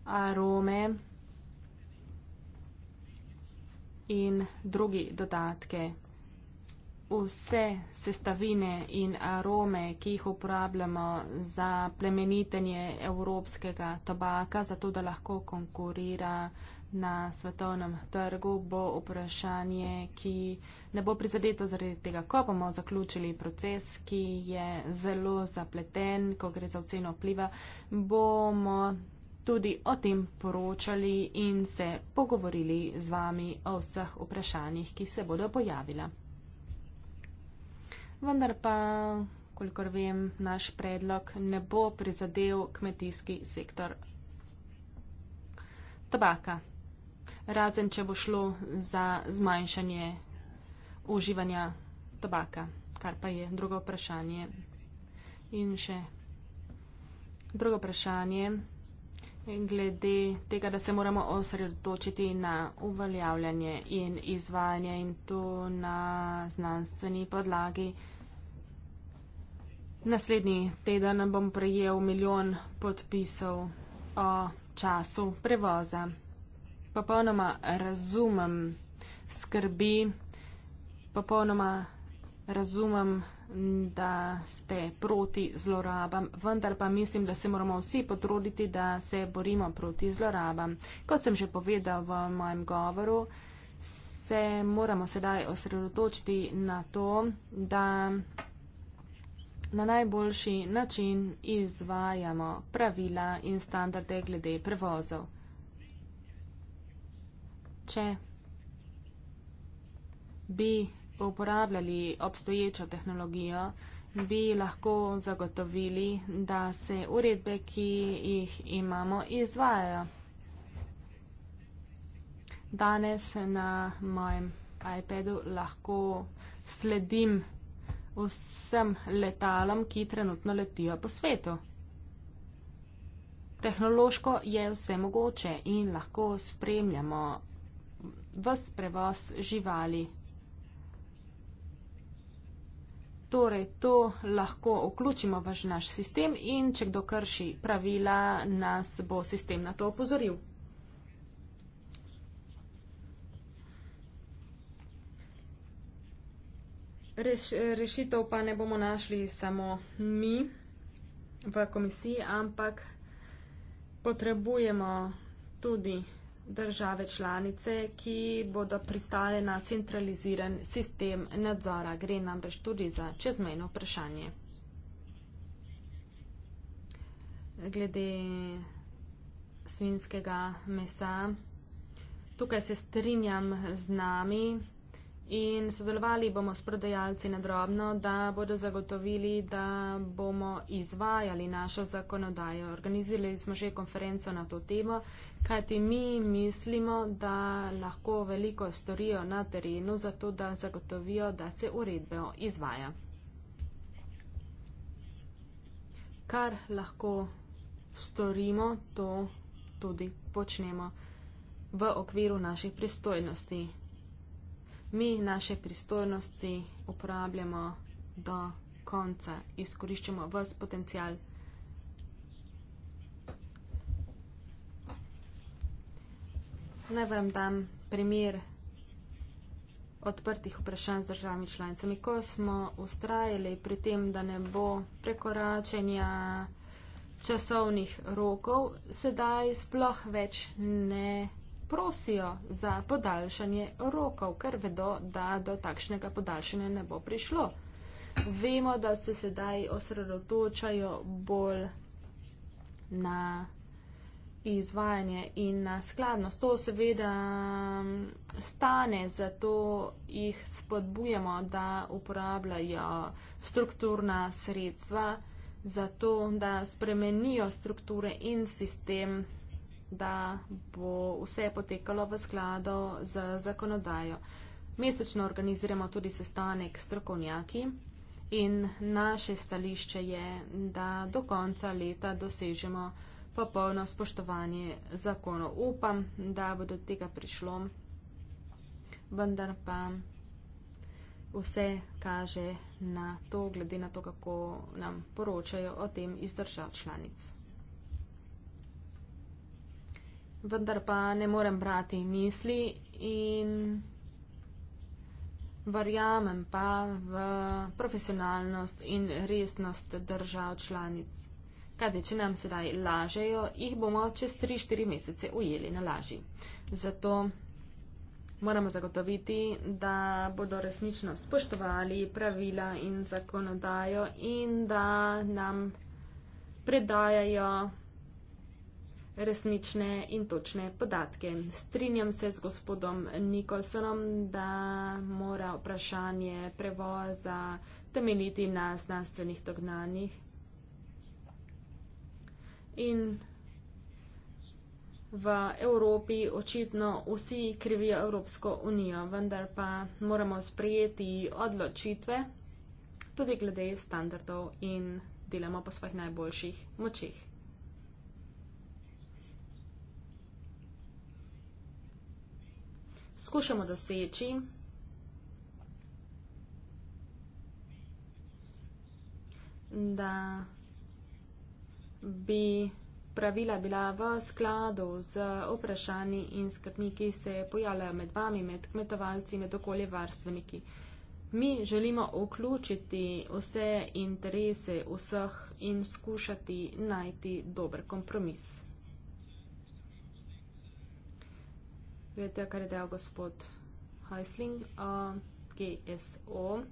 Speaker 3: arome in drugi dodatke. Vse sestavine in arome, ki jih uporabljamo za plemenitenje evropskega tobaka, zato da lahko konkurira na svetovnem trgu, bo vprašanje, ki ne bo prizadeto zaradi tega, ko bomo zaključili proces, ki je zelo zapleten, ko gre za oceno vpliva, bomo tudi o tem poročali in se pogovorili z vami o vseh vprašanjih, ki se bodo pojavila. Vendar pa, kolikor vem, naš predlog ne bo prizadel kmetijski sektor tobaka razen če bo šlo za zmanjšanje uživanja tobaka, kar pa je drugo vprašanje. In še drugo vprašanje glede tega, da se moramo osredotočiti na uveljavljanje in izvajanje in to na znanstveni podlagi. Naslednji teden bom prejel milijon podpisov o času prevoza popolnoma razumem skrbi, popolnoma razumem, da ste proti zlorabam, vendar pa mislim, da se moramo vsi potruditi, da se borimo proti zlorabam. Kot sem že povedal v mojem govoru, se moramo sedaj osredotočiti na to, da na najboljši način izvajamo pravila in standarde glede prevozov če bi uporabljali obstoječo tehnologijo, bi lahko zagotovili, da se uredbe, ki jih imamo, izvajajo. Danes na mojem iPadu lahko sledim vsem letalom, ki trenutno letijo po svetu. Tehnološko je vse mogoče in lahko spremljamo ves prevoz živali. Torej, to lahko vključimo v naš sistem in če kdo krši pravila, nas bo sistem na to opozoril. Reš, rešitev pa ne bomo našli samo mi v komisiji, ampak potrebujemo tudi države članice, ki bodo pristale na centraliziran sistem nadzora. Gre namreč tudi za čezmejno vprašanje. Glede svinskega mesa, tukaj se strinjam z nami. In sodelovali bomo s prodajalci nadrobno, da bodo zagotovili, da bomo izvajali našo zakonodajo. Organizirali smo že konferenco na to temo, kajti mi mislimo, da lahko veliko storijo na terenu za to, da zagotovijo, da se uredbe izvaja. Kar lahko storimo, to tudi počnemo v okviru naših pristojnosti mi naše pristojnosti uporabljamo do konca, izkoriščamo vas potencijal. Naj vam dam primer odprtih vprašanj z državami članicami. Ko smo ustrajali pri tem, da ne bo prekoračenja časovnih rokov, sedaj sploh več ne prosijo za podaljšanje rokov, ker vedo, da do takšnega podaljšanja ne bo prišlo. Vemo, da se sedaj osredotočajo bolj na izvajanje in na skladnost. To seveda stane, zato jih spodbujamo, da uporabljajo strukturna sredstva, zato da spremenijo strukture in sistem da bo vse potekalo v skladu z zakonodajo. Mesečno organiziramo tudi sestanek s trokovnjaki in naše stališče je, da do konca leta dosežemo popolno spoštovanje zakonov. Upam, da bo do tega prišlo, vendar pa vse kaže na to, glede na to, kako nam poročajo o tem iz držav članic vendar pa ne morem brati misli in verjamem pa v profesionalnost in resnost držav članic. Kaj, če nam sedaj lažejo, jih bomo čez 3-4 mesece ujeli na laži. Zato moramo zagotoviti, da bodo resnično spoštovali pravila in zakonodajo in da nam predajajo resnične in točne podatke. Strinjam se z gospodom Nikolsonom, da mora vprašanje prevoza temeljiti na znanstvenih dognanjih. In v Evropi očitno vsi krivijo Evropsko unijo, vendar pa moramo sprejeti odločitve tudi glede standardov in delamo po svojih najboljših močeh. skušamo doseči, da bi pravila bila v skladu z vprašanji in skrbmi, ki se pojavljajo med vami, med kmetovalci, med okoljevarstveniki. Mi želimo vključiti vse interese vseh in skušati najti dober kompromis. glede tega, kar je dejal gospod Heisling, uh, GSO.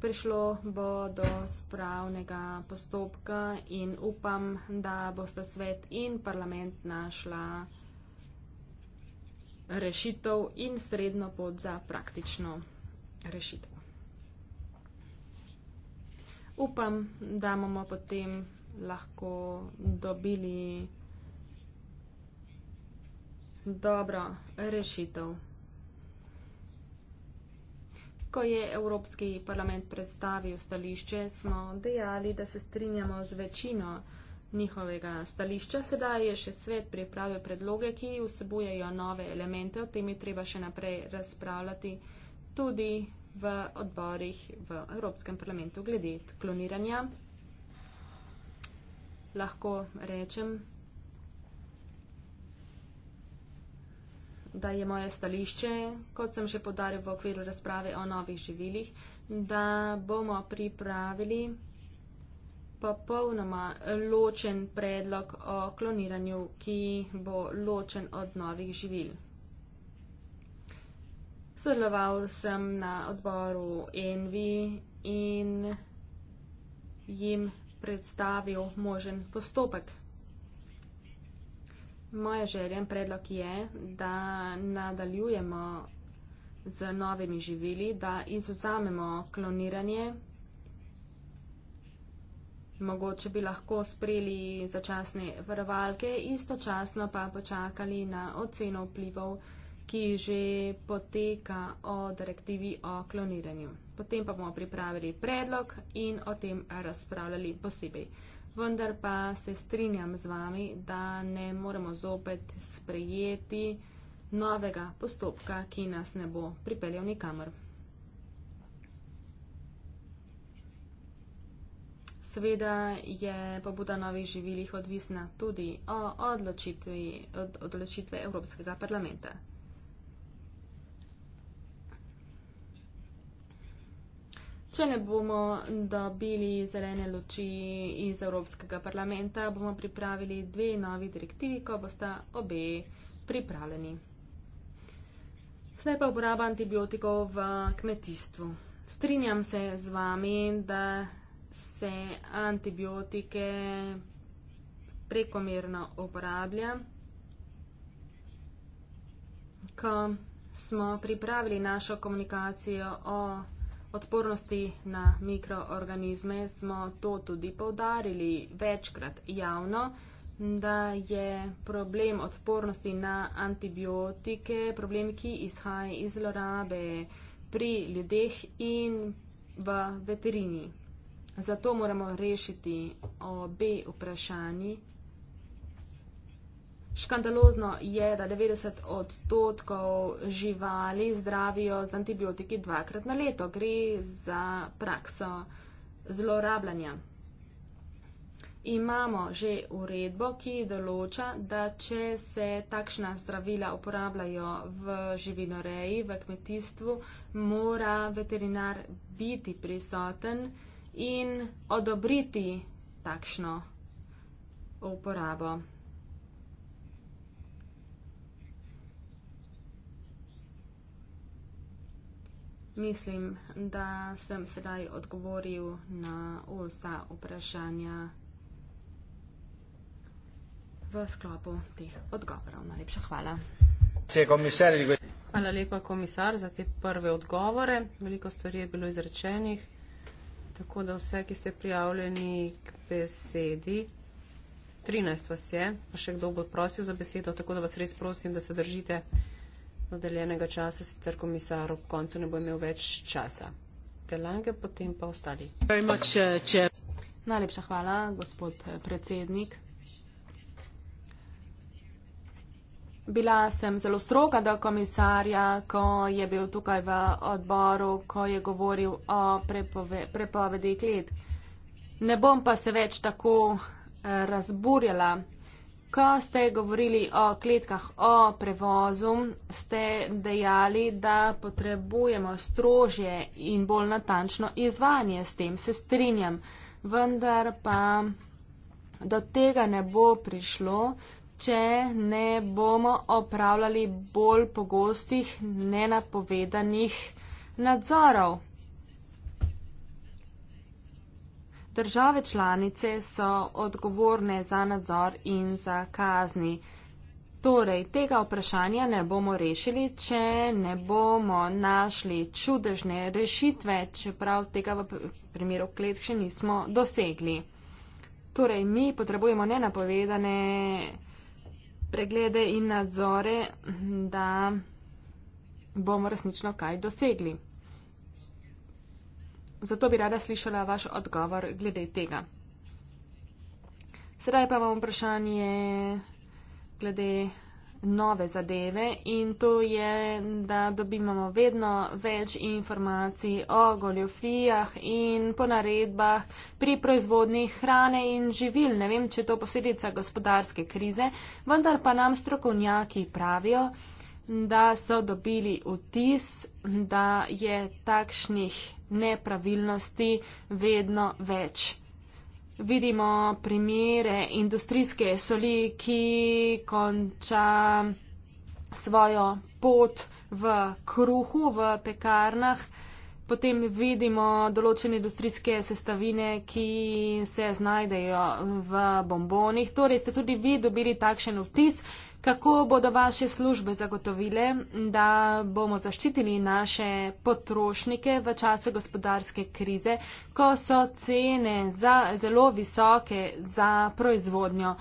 Speaker 3: Prišlo bo do spravnega postopka in upam, da boste svet in parlament našla rešitev in sredno pot za praktično rešitev. Upam, da bomo potem lahko dobili. Dobro, rešitev. Ko je Evropski parlament predstavil stališče, smo dejali, da se strinjamo z večino njihovega stališča. Sedaj je še svet pripravil predloge, ki vsebujejo nove elemente. O tem je treba še naprej razpravljati tudi v odborih v Evropskem parlamentu glede kloniranja. Lahko rečem, da je moje stališče, kot sem že podaril v okviru razprave o novih živilih, da bomo pripravili popolnoma ločen predlog o kloniranju, ki bo ločen od novih živil. Sodeloval sem na odboru Envi in jim predstavil možen postopek moja želja in predlog je, da nadaljujemo z novimi živili, da izuzamemo kloniranje. Mogoče bi lahko sprejeli začasne varovalke, istočasno pa počakali na oceno vplivov, ki že poteka o direktivi o kloniranju. Potem pa bomo pripravili predlog in o tem razpravljali posebej vendar pa se strinjam z vami, da ne moremo zopet sprejeti novega postopka, ki nas ne bo pripeljal nikamor. Seveda je pobuda novih živilih odvisna tudi od odločitve Evropskega parlamenta. Če ne bomo dobili zelene luči iz Evropskega parlamenta, bomo pripravili dve novi direktivi, ko bosta obe pripravljeni. Slepa uporaba antibiotikov v kmetijstvu. Strinjam se z vami, da se antibiotike prekomerno uporablja. Ko smo pripravili našo komunikacijo o odpornosti na mikroorganizme smo to tudi povdarili večkrat javno, da je problem odpornosti na antibiotike, problem, ki izhaja iz zlorabe pri ljudeh in v veterini. Zato moramo rešiti obe vprašanji Škandalozno je, da 90 odstotkov živali zdravijo z antibiotiki dvakrat na leto. Gre za prakso zlorabljanja. Imamo že uredbo, ki določa, da če se takšna zdravila uporabljajo v živinoreji, v kmetijstvu, mora veterinar biti prisoten in odobriti takšno uporabo. Mislim, da sem sedaj odgovoril na vsa vprašanja
Speaker 2: v sklopu teh odgovorov. Najlepša hvala. Hvala lepa, komisar, za te prve odgovore. Veliko stvari je bilo izrečenih, tako da vse, ki ste prijavljeni k besedi, 13 vas je, pa še kdo bo prosil za besedo, tako da vas res prosim, da se držite nadaljenega časa, sicer komisar ob koncu ne bo imel več časa. Telange, potem pa ostali.
Speaker 3: Uh, Najlepša hvala, gospod eh, predsednik. Bila sem zelo stroga do komisarja, ko je bil tukaj v odboru, ko je govoril o prepove, prepovedi klet. Ne bom pa se več tako eh, razburjala. Ko ste govorili o kletkah, o prevozu, ste dejali, da potrebujemo strožje in bolj natančno izvajanje. S tem se strinjam. Vendar pa do tega ne bo prišlo, če ne bomo opravljali bolj pogostih, nenapovedanih nadzorov. Države članice so odgovorne za nadzor in za kazni. Torej, tega vprašanja ne bomo rešili, če ne bomo našli čudežne rešitve, čeprav tega v primeru klet še nismo dosegli. Torej, mi potrebujemo nenapovedane preglede in nadzore, da bomo resnično kaj dosegli. Zato bi rada slišala vaš odgovor glede tega. Sedaj pa imam vprašanje glede nove zadeve in to je, da dobimo vedno več informacij o goljofijah in ponaredbah pri proizvodnji hrane in živil. Ne vem, če je to posledica gospodarske krize, vendar pa nam strokovnjaki pravijo, da so dobili vtis, da je takšnih nepravilnosti vedno več. Vidimo primere industrijske soli, ki konča svojo pot v kruhu v pekarnah. Potem vidimo določene industrijske sestavine, ki se znajdejo v bombonih. Torej ste tudi vi dobili takšen vtis, kako bodo vaše službe zagotovile, da bomo zaščitili naše potrošnike v času gospodarske krize, ko so cene za, zelo visoke za proizvodnjo.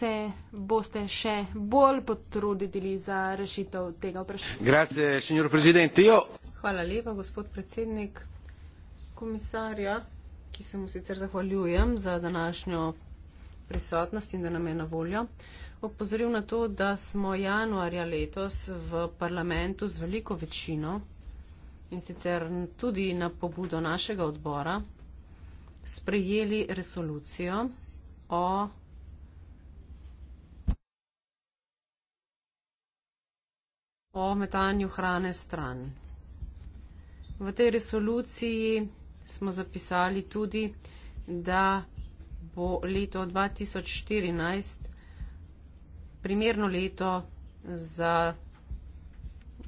Speaker 3: Se boste še bolj
Speaker 2: potrudili za rešitev tega vprašanja?
Speaker 4: Grazie, signor Presidente. Io...
Speaker 2: Hvala lepa, gospod predsednik komisarja, ki se mu sicer zahvaljujem za današnjo prisotnost in da nam je na voljo. Opozoril na to, da smo januarja letos v parlamentu z veliko večino in sicer tudi na pobudo našega odbora sprejeli resolucijo o o metanju hrane stran. V tej resoluciji smo zapisali tudi, da bo leto 2014 primerno leto za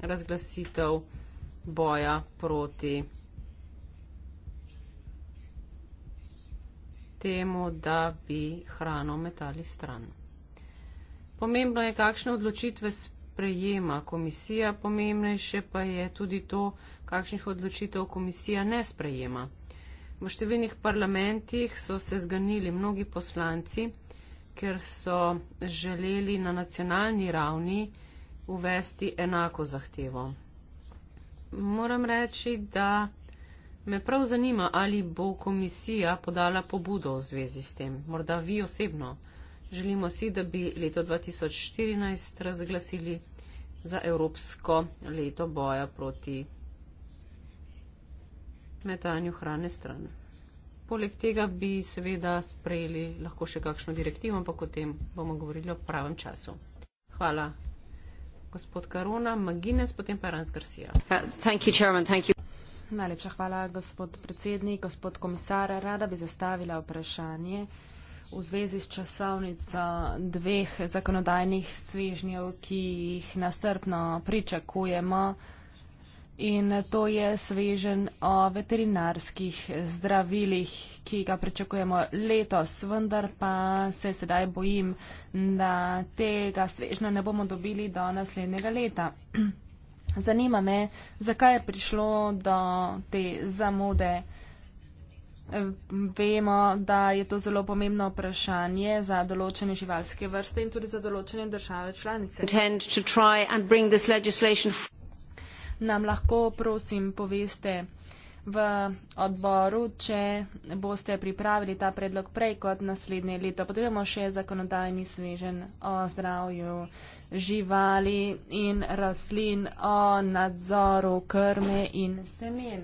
Speaker 2: razglasitev boja proti temu, da bi hrano metali stran. Pomembno je, kakšne odločitve sprejema komisija, pomembnejše pa je tudi to, kakšnih odločitev komisija ne sprejema. V številnih parlamentih so se zganili mnogi poslanci, ker so želeli na nacionalni ravni uvesti enako zahtevo. Moram reči, da me prav zanima, ali bo komisija podala pobudo v zvezi s tem. Morda vi osebno. Želimo si, da bi leto 2014 razglasili za evropsko leto boja proti metanju hrane stran. Poleg tega bi seveda sprejeli lahko še kakšno direktivo, ampak o tem bomo govorili v pravem času. Hvala. Gospod Karona, Magines, potem pa Rans Garcia. Uh,
Speaker 3: Najlepša hvala, gospod predsednik, gospod komisar. Rada bi zastavila vprašanje v zvezi s časovnico dveh zakonodajnih svežnjev, ki jih nastrpno pričakujemo in to je svežen o veterinarskih zdravilih, ki ga pričakujemo letos, vendar pa se sedaj bojim, da tega svežna ne bomo dobili do naslednjega leta. (clears throat) Zanima me, zakaj je prišlo do te zamude. Vemo, da je to zelo pomembno vprašanje za določene živalske vrste in tudi za določene države članice nam lahko, prosim, poveste v odboru, če boste pripravili ta predlog prej kot naslednje leto. Potrebujemo še zakonodajni svežen o zdravju živali in rastlin, o nadzoru krme in semen.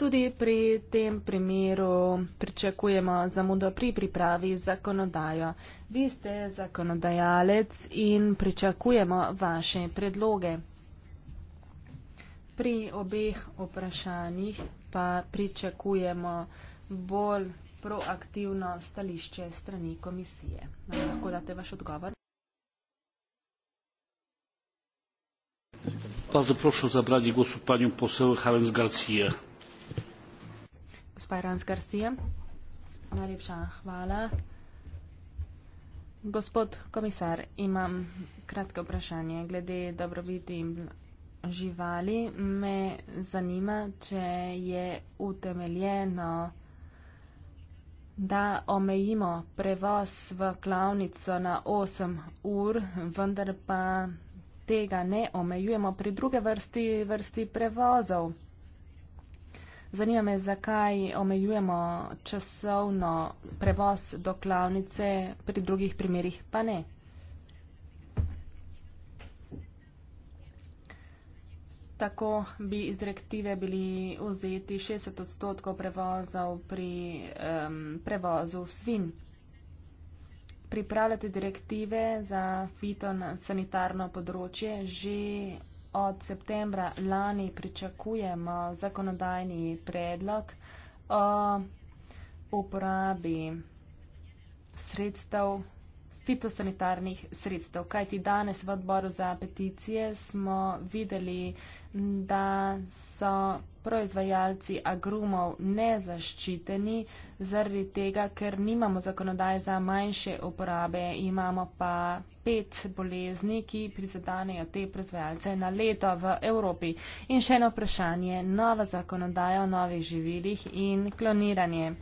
Speaker 3: Tudi pri tem primeru pričakujemo zamudo pri pripravi zakonodajo. Vi ste zakonodajalec in pričakujemo vaše predloge pri obeh vprašanjih pa pričakujemo bolj proaktivno stališče strani komisije. Lahko date vaš odgovor.
Speaker 4: Bardzo proszę o zabranie głosu panią poseł Harens Garcia.
Speaker 3: Gospa Harens Garcia. Najlepsza chwala. Gospod komisar, imam krótkie pytanie. Gledy dobrobyty živali, me zanima, če je utemeljeno, da omejimo prevoz v klavnico na 8 ur, vendar pa tega ne omejujemo pri druge vrsti, vrsti prevozov. Zanima me, zakaj omejujemo časovno prevoz do klavnice, pri drugih primerih pa ne. Tako bi iz direktive bili vzeti 60 odstotkov prevozov pri um, prevozu svin. Pripravljate direktive za fitosanitarno področje že od septembra lani pričakujemo zakonodajni predlog o uporabi sredstev fitosanitarnih sredstev. Kaj ti danes v odboru za peticije smo videli, da so proizvajalci agrumov nezaščiteni zaradi tega, ker nimamo zakonodaj za manjše uporabe, imamo pa pet bolezni, ki prizadanejo te proizvajalce na leto v Evropi. In še eno vprašanje, nova zakonodaja o novih živilih in kloniranje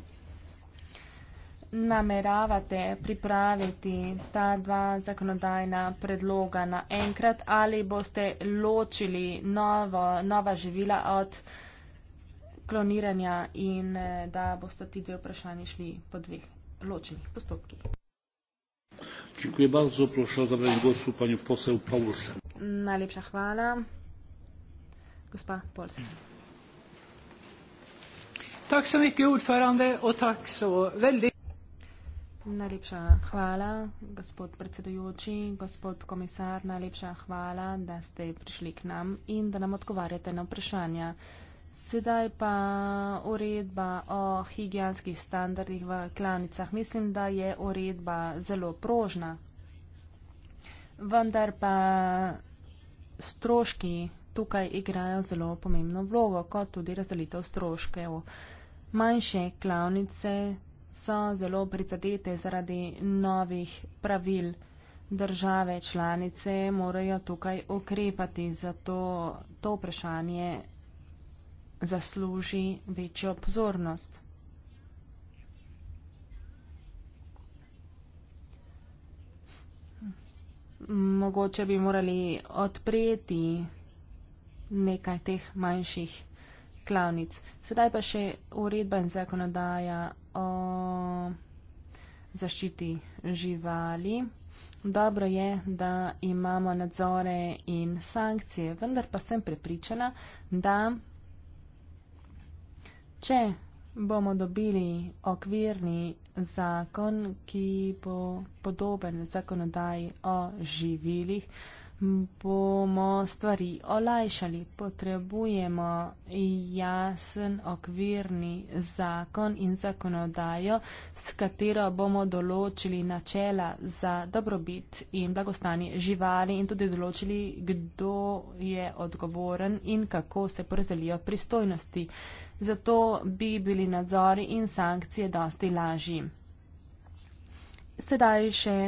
Speaker 3: nameravate pripraviti ta dva zakonodajna predloga naenkrat ali boste ločili novo, nova živila od kloniranja in eh, da boste ti dve vprašanji šli po dveh ločenih postopkih.
Speaker 4: Dziękuję bardzo. Proszę o zabranie głosu panią poseł Paulsen.
Speaker 3: Najlepsza chwala. Gospa Paulsen.
Speaker 4: Tak, so mycket, ordförande, och tak, so,
Speaker 3: väldigt... Najlepša hvala, gospod predsedujoči, gospod komisar, najlepša hvala, da ste prišli k nam in da nam odgovarjate na vprašanja. Sedaj pa uredba o higijanskih standardih v klanicah. Mislim, da je uredba zelo prožna, vendar pa stroški tukaj igrajo zelo pomembno vlogo, kot tudi razdelitev stroškev. Manjše klavnice so zelo prizadete zaradi novih pravil. Države članice morajo tukaj ukrepati, zato to vprašanje zasluži večjo pozornost. Mogoče bi morali odpreti nekaj teh manjših klavnic. Sedaj pa še uredba in zakonodaja o zaščiti živali. Dobro je, da imamo nadzore in sankcije, vendar pa sem prepričana, da če bomo dobili okvirni zakon, ki bo podoben zakonodaji o živilih, bomo stvari olajšali. Potrebujemo jasen okvirni zakon in zakonodajo, s katero bomo določili načela za dobrobit in blagostanje živali in tudi določili, kdo je odgovoren in kako se porazdelijo pristojnosti. Zato bi bili nadzori in sankcije dosti lažji. Sedaj še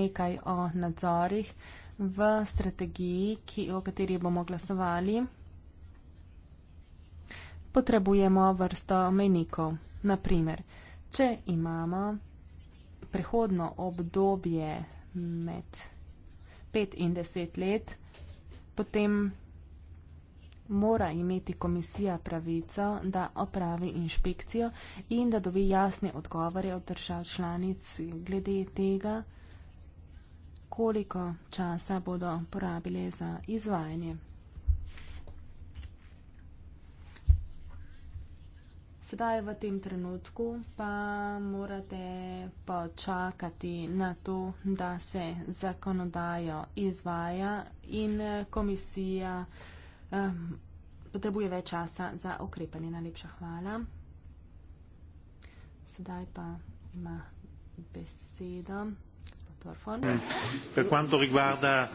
Speaker 3: nekaj o nadzorih v strategiji, ki, o kateri bomo glasovali, potrebujemo vrsto omejnikov. Naprimer, če imamo prehodno obdobje med pet in deset let, potem mora imeti komisija pravico, da opravi inšpekcijo in da dobi jasne odgovore od držav članic glede tega, koliko časa bodo porabili za izvajanje. Sedaj v tem trenutku pa morate počakati na to, da se zakonodajo izvaja in komisija eh, potrebuje več časa za ukrepanje. Najlepša hvala. Sedaj pa ima besedo. Per quanto
Speaker 4: riguarda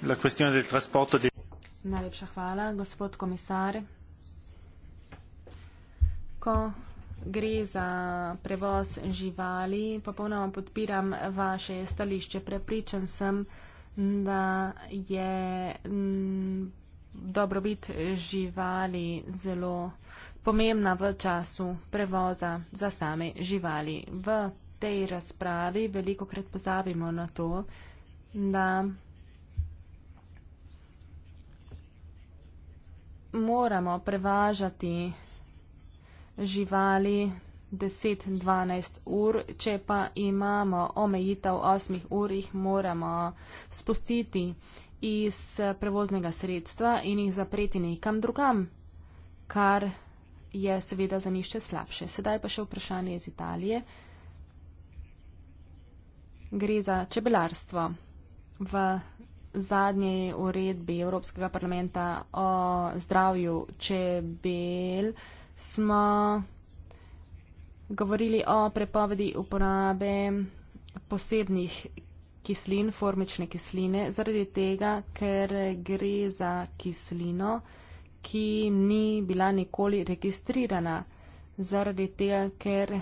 Speaker 4: la questione del trasporto di...
Speaker 3: Najlepša hvala, gospod komisar. Ko gre za prevoz živali, popolnoma podpiram vaše stališče. Prepričan sem, da je mm, dobrobit živali zelo pomembna v času prevoza za same živali. V tej razpravi veliko krat pozabimo na to, da moramo prevažati živali 10-12 ur, če pa imamo omejitev 8 ur, jih moramo spustiti iz prevoznega sredstva in jih zapreti nekam drugam, kar je seveda za njih še slabše. Sedaj pa še vprašanje iz Italije. Uh, gre za čebelarstvo. V zadnji uredbi Evropskega parlamenta o zdravju čebel smo govorili o prepovedi uporabe posebnih kislin, formične kisline, zaradi tega, ker gre za kislino, ki ni bila nikoli registrirana, zaradi tega, ker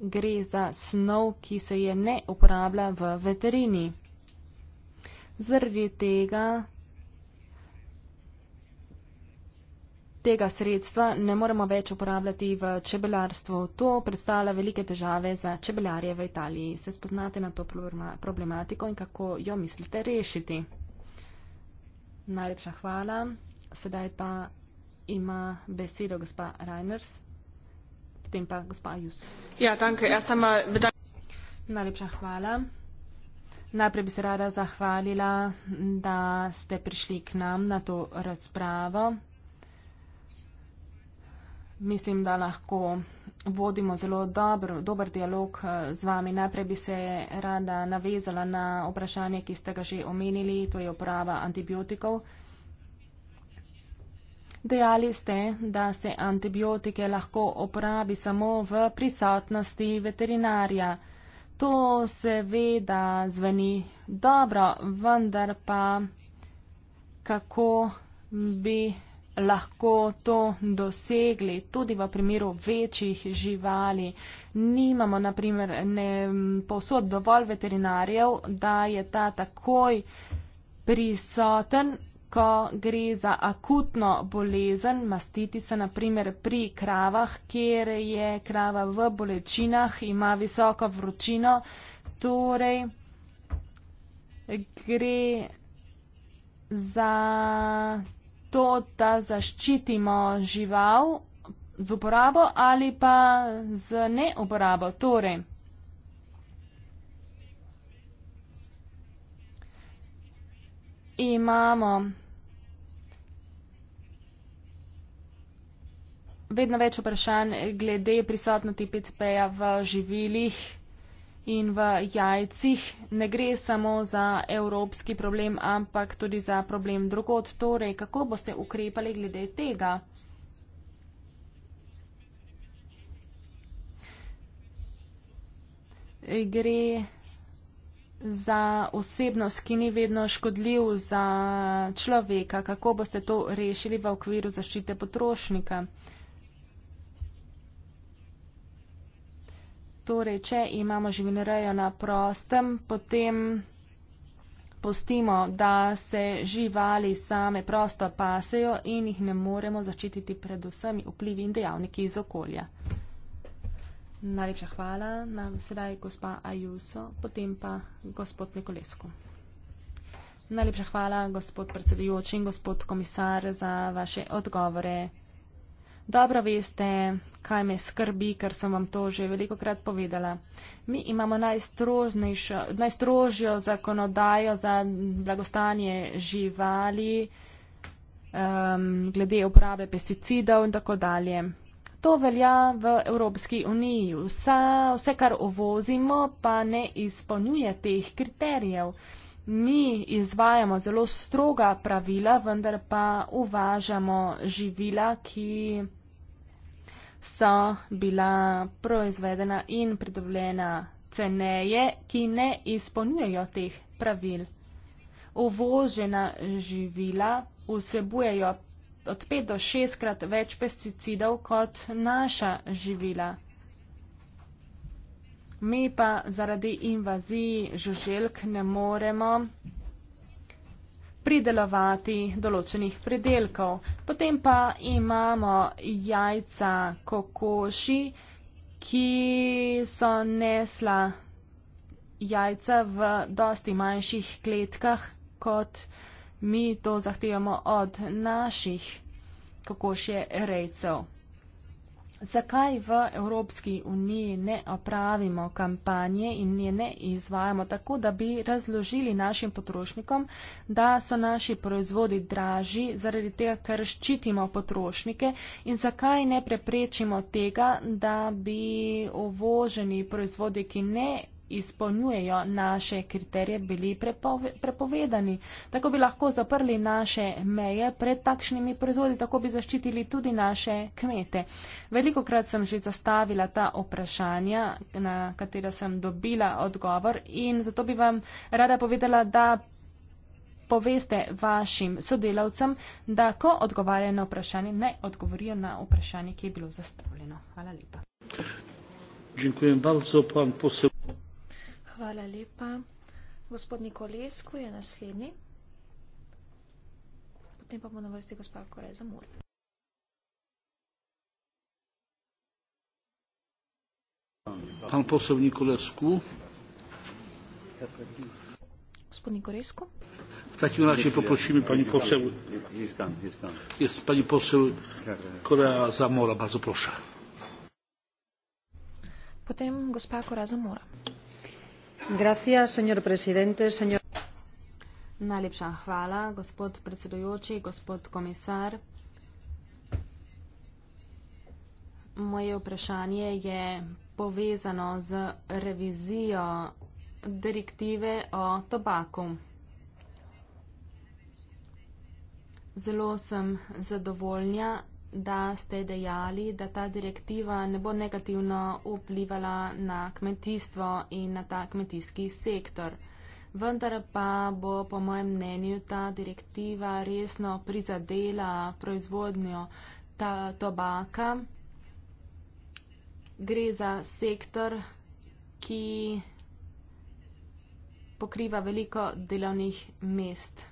Speaker 3: gre za snov, ki se je ne uporablja v veterini. Zaradi tega, tega sredstva ne moremo več uporabljati v čebelarstvu. To predstavlja velike težave za čebelarje v Italiji. Se spoznate na to problematiko in kako jo mislite rešiti? Najlepša hvala. Sedaj pa ima besedo gospa Reiners. Potem pa gospa Jus. Ja, danke. Erst einmal bedan- Najlepša hvala. Najprej bi se rada zahvalila, da ste prišli k nam na to razpravo. Mislim, da lahko vodimo zelo dobro, dober dialog eh, z vami. Najprej bi se rada navezala na vprašanje, ki ste ga že omenili, to je uporaba antibiotikov. Dejali ste, da se antibiotike lahko uporabi samo v prisotnosti veterinarja. To seveda zveni dobro, vendar pa kako bi lahko to dosegli tudi v primeru večjih živali. Nimamo naprimer ne posod dovolj veterinarjev, da je ta takoj prisoten ko gre za akutno bolezen, mastiti se naprimer pri kravah, kjer je krava v bolečinah, ima visoko vročino, torej gre za to, da zaščitimo žival z uporabo ali pa z neuporabo. Torej, imamo vedno več vprašanj glede prisotnosti 5P-ja v živilih. In v jajcih ne gre samo za evropski problem, ampak tudi za problem drugot. Torej, kako boste ukrepali glede tega? Gre za osebnost, ki ni vedno škodljiv za človeka, kako boste to rešili v okviru zaščite potrošnika. Torej, če imamo živinorejo na prostem, potem pustimo, da se živali same prosto pasejo in jih ne moremo zaščititi pred vsemi vplivi in dejavniki iz okolja. Najlepša hvala. Nam sedaj gospa Ajuso, potem pa gospod Nikolesko. Najlepša hvala, gospod predsedujoči in gospod komisar, za vaše odgovore. Dobro veste, kaj me skrbi, ker sem vam to že veliko krat povedala. Mi imamo najstrožjo zakonodajo za blagostanje živali, um, glede uporabe pesticidov in tako dalje to velja v Evropski uniji. Vsa, vse, kar uvozimo, pa ne izpolnjuje teh kriterijev. Mi izvajamo zelo stroga pravila, vendar pa uvažamo živila, ki so bila proizvedena in pridobljena ceneje, ki ne izpolnjujejo teh pravil. Uvožena živila vsebujejo od 5 do 6 krat več pesticidov kot naša živila. Mi pa zaradi invazij žuželk ne moremo pridelovati določenih predelkov. Potem pa imamo jajca kokoši, ki so nesla jajca v dosti manjših kletkah kot jajca mi to zahtevamo od naših kokošje rejcev. Zakaj v Evropski uniji ne opravimo kampanje in je ne izvajamo tako, da bi razložili našim potrošnikom, da so naši proizvodi dražji zaradi tega, ker ščitimo potrošnike in zakaj ne preprečimo tega, da bi uvoženi proizvodi, ki ne izpolnjujejo naše kriterije, bili prepove, prepovedani. Tako bi lahko zaprli naše meje pred takšnimi proizvodi, tako bi zaščitili tudi naše kmete. Veliko krat sem že zastavila ta vprašanja, na katera sem dobila odgovor in zato bi vam rada povedala, da. Poveste vašim sodelavcem, da ko odgovarjajo na vprašanje, ne odgovorijo na vprašanje, ki je bilo zastavljeno. Hvala lepa.
Speaker 4: Dziękujem bardzo, pan poseł.
Speaker 1: Hvala lepa. Gospod Nikolesku je naslednji. Potem pa bo na vrsti gospod Korej za Muri.
Speaker 4: Pan posel Nikolesku.
Speaker 1: Gospod Nikolesku.
Speaker 4: V takim razi poprosimo pani posel. Je pani posel Korej za Mora, bardzo proszę.
Speaker 1: Potem gospod Korej za Mora.
Speaker 3: Najlepša hvala, gospod predsedujoči, gospod komisar. Moje vprašanje je povezano z revizijo direktive o tobaku. Zelo sem zadovoljna, da ste dejali, da ta direktiva ne bo negativno vplivala na kmetijstvo in na ta kmetijski sektor. Vendar pa bo po mojem mnenju ta direktiva resno prizadela proizvodnjo ta tobaka. Gre za sektor, ki pokriva veliko delovnih mest.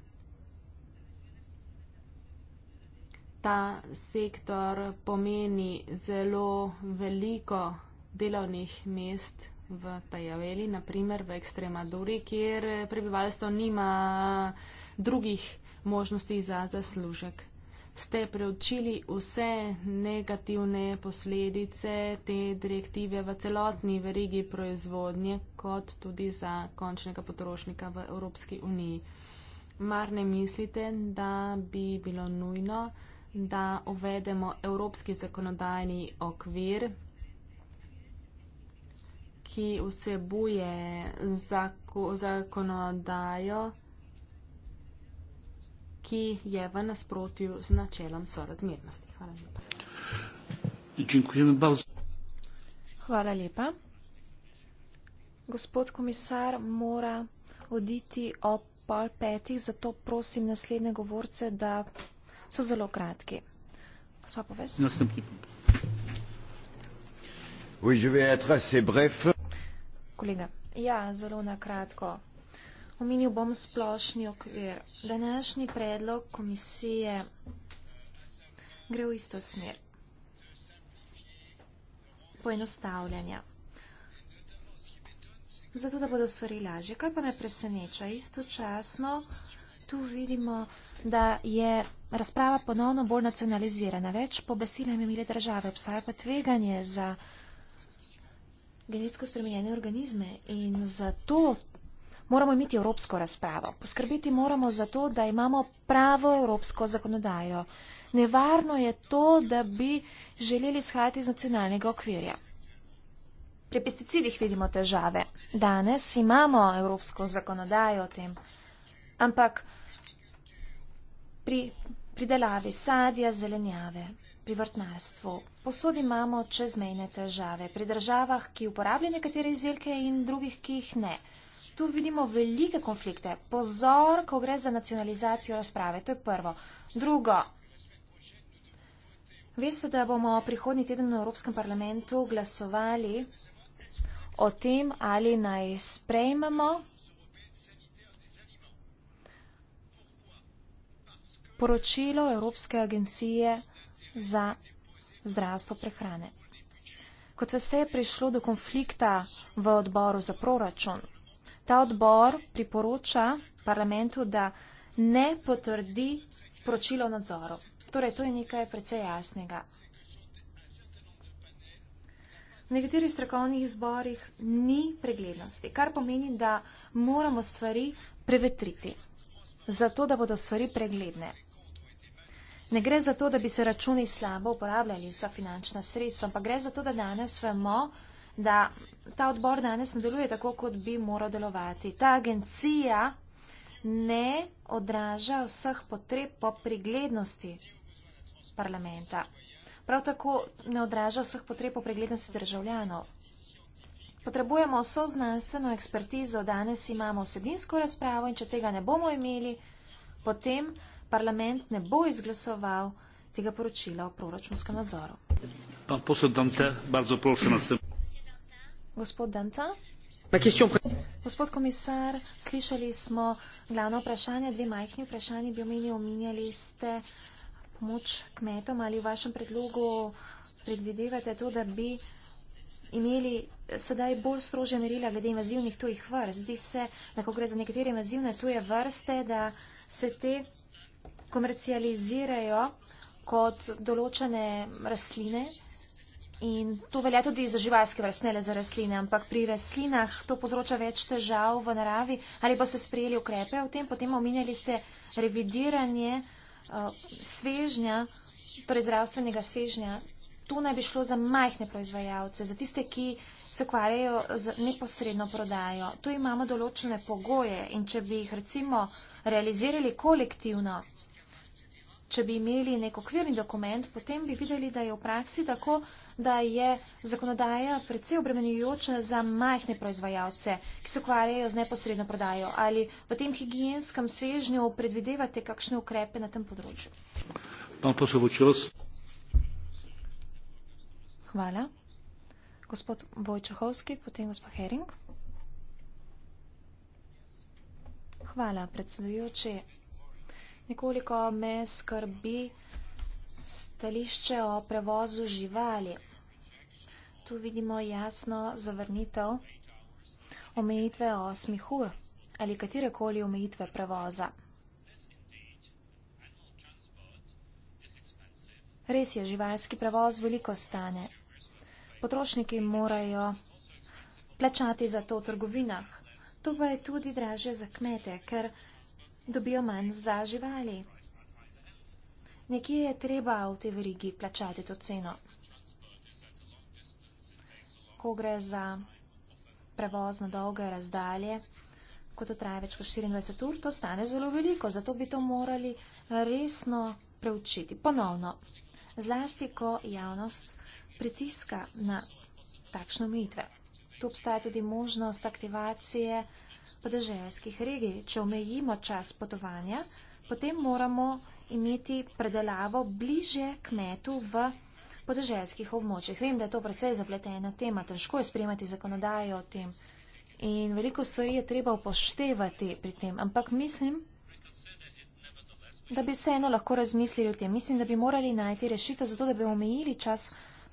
Speaker 3: ta sektor pomeni zelo veliko delovnih mest v Tajaveli, naprimer v Ekstremaduri, kjer prebivalstvo nima drugih možnosti za zaslužek. Ste preučili vse negativne posledice te direktive v celotni verigi proizvodnje, kot tudi za končnega potrošnika v Evropski uniji? Mar ne mislite, da bi bilo nujno, da uvedemo evropski zakonodajni okvir, ki vsebuje zakonodajo, ki je v nasprotju z načelom sorazmernosti. Hvala
Speaker 1: lepa. Hvala lepa. Gospod komisar mora oditi ob pol petih, zato prosim naslednje govorce, da so zelo kratki. Sva povesti. Naslednji.
Speaker 4: Oui, je vais être assez bref.
Speaker 1: Kolega. Ja, zelo na kratko. Omenil bom splošni okvir. Današnji predlog komisije gre v isto smer. Poenostavljanja. Zato, da bodo stvari lažje. Kaj pa me preseneča? Istočasno tu vidimo, da je razprava ponovno bolj nacionalizirana. Več po besedah imele države obstaja pa tveganje za genetsko spremenjene organizme in zato moramo imeti evropsko razpravo. Poskrbiti moramo za to, da imamo pravo evropsko zakonodajo. Nevarno je to, da bi želeli izhajati iz nacionalnega okvirja. Pri pesticidih vidimo težave. Danes imamo evropsko zakonodajo o tem ampak pri pridelavi sadja, zelenjave, pri vrtnarstvu. Posodi imamo čezmejne težave pri državah, ki uporabljajo nekatere izdelke in drugih, ki jih ne. Tu vidimo velike konflikte. Pozor, ko gre za nacionalizacijo razprave. To je prvo. Drugo. Veste, da bomo prihodnji teden v Evropskem parlamentu glasovali o tem, ali naj sprejmemo poročilo Evropske agencije za zdravstvo prehrane. Kot veste, je prišlo do konflikta v odboru za proračun. Ta odbor priporoča parlamentu, da ne potrdi poročilo nadzorov. Torej, to je nekaj precej jasnega. V nekaterih strokovnih zborih ni preglednosti, kar pomeni, da moramo stvari prevetriti, zato da bodo stvari pregledne. Ne gre za to, da bi se računi slabo uporabljali vsa finančna sredstva, ampak gre za to, da danes vemo, da ta odbor danes ne deluje tako, kot bi moral delovati. Ta agencija ne odraža vseh potreb po preglednosti parlamenta. Prav tako ne odraža vseh potreb po preglednosti državljanov. Potrebujemo vso znanstveno ekspertizo, danes imamo vsebinsko razpravo in če tega ne bomo imeli, potem parlament ne bo izglasoval tega poročila o proračunskem nadzoru.
Speaker 4: Pa posod Dante, bardzo prosim vas.
Speaker 1: Gospod Dante? Gospod komisar, slišali smo glavno vprašanje, dve majhni vprašanje bi omenili, omenjali ste pomoč kmetom ali v vašem predlogu predvidevate to, da bi imeli sedaj bolj strože merila glede invazivnih tujih vrst. Zdi se, da ko gre za nekatere invazivne tuje vrste, da se te komercializirajo kot določene rastline. In to velja tudi za živalske vrste, ne le za rastline, ampak pri rastlinah to povzroča več težav v naravi. Ali pa ste sprejeli ukrepe v tem, potem omenjali ste revidiranje eh, svežnja, torej zdravstvenega svežnja. Tu naj bi šlo za majhne proizvajalce, za tiste, ki se kvarjajo z neposredno prodajo. Tu imamo določene pogoje in če bi jih recimo realizirali kolektivno, če bi imeli nek okvirni dokument, potem bi videli, da je v praksi tako, da je zakonodaja predvsej obremenjujoča za majhne proizvajalce, ki se ukvarjajo z neposredno prodajo. Ali v tem higijenskem svežnju predvidevate kakšne ukrepe na tem področju? Hvala. Gospod Vojčahovski, potem gospod Hering. Hvala, predsedujoči. Nekoliko me skrbi stališče o prevozu živali. Tu vidimo jasno zavrnitev omejitve osmih ur ali katerekoli omejitve prevoza. Res je, živalski prevoz veliko stane. Potrošniki morajo plačati za to v trgovinah. To pa je tudi draže za kmete, ker dobijo manj za živali. Nekje je treba v te verigi plačati to ceno. Ko gre za prevoz na dolge razdalje, ko to traje več kot 24 ur, to stane zelo veliko, zato bi to morali resno preučiti ponovno. Zlasti, ko javnost pritiska na takšno mitve. Tu obstaja tudi možnost aktivacije podeželskih regij. Če omejimo čas potovanja, potem moramo imeti predelavo bliže kmetu v podeželskih območjih. Vem, da je to precej zapletena tema, težko je sprejemati zakonodajo o tem in veliko stvari je treba upoštevati pri tem, ampak mislim, da bi vseeno lahko razmislili o tem. Mislim, da bi morali najti rešitev za to, da bi omejili čas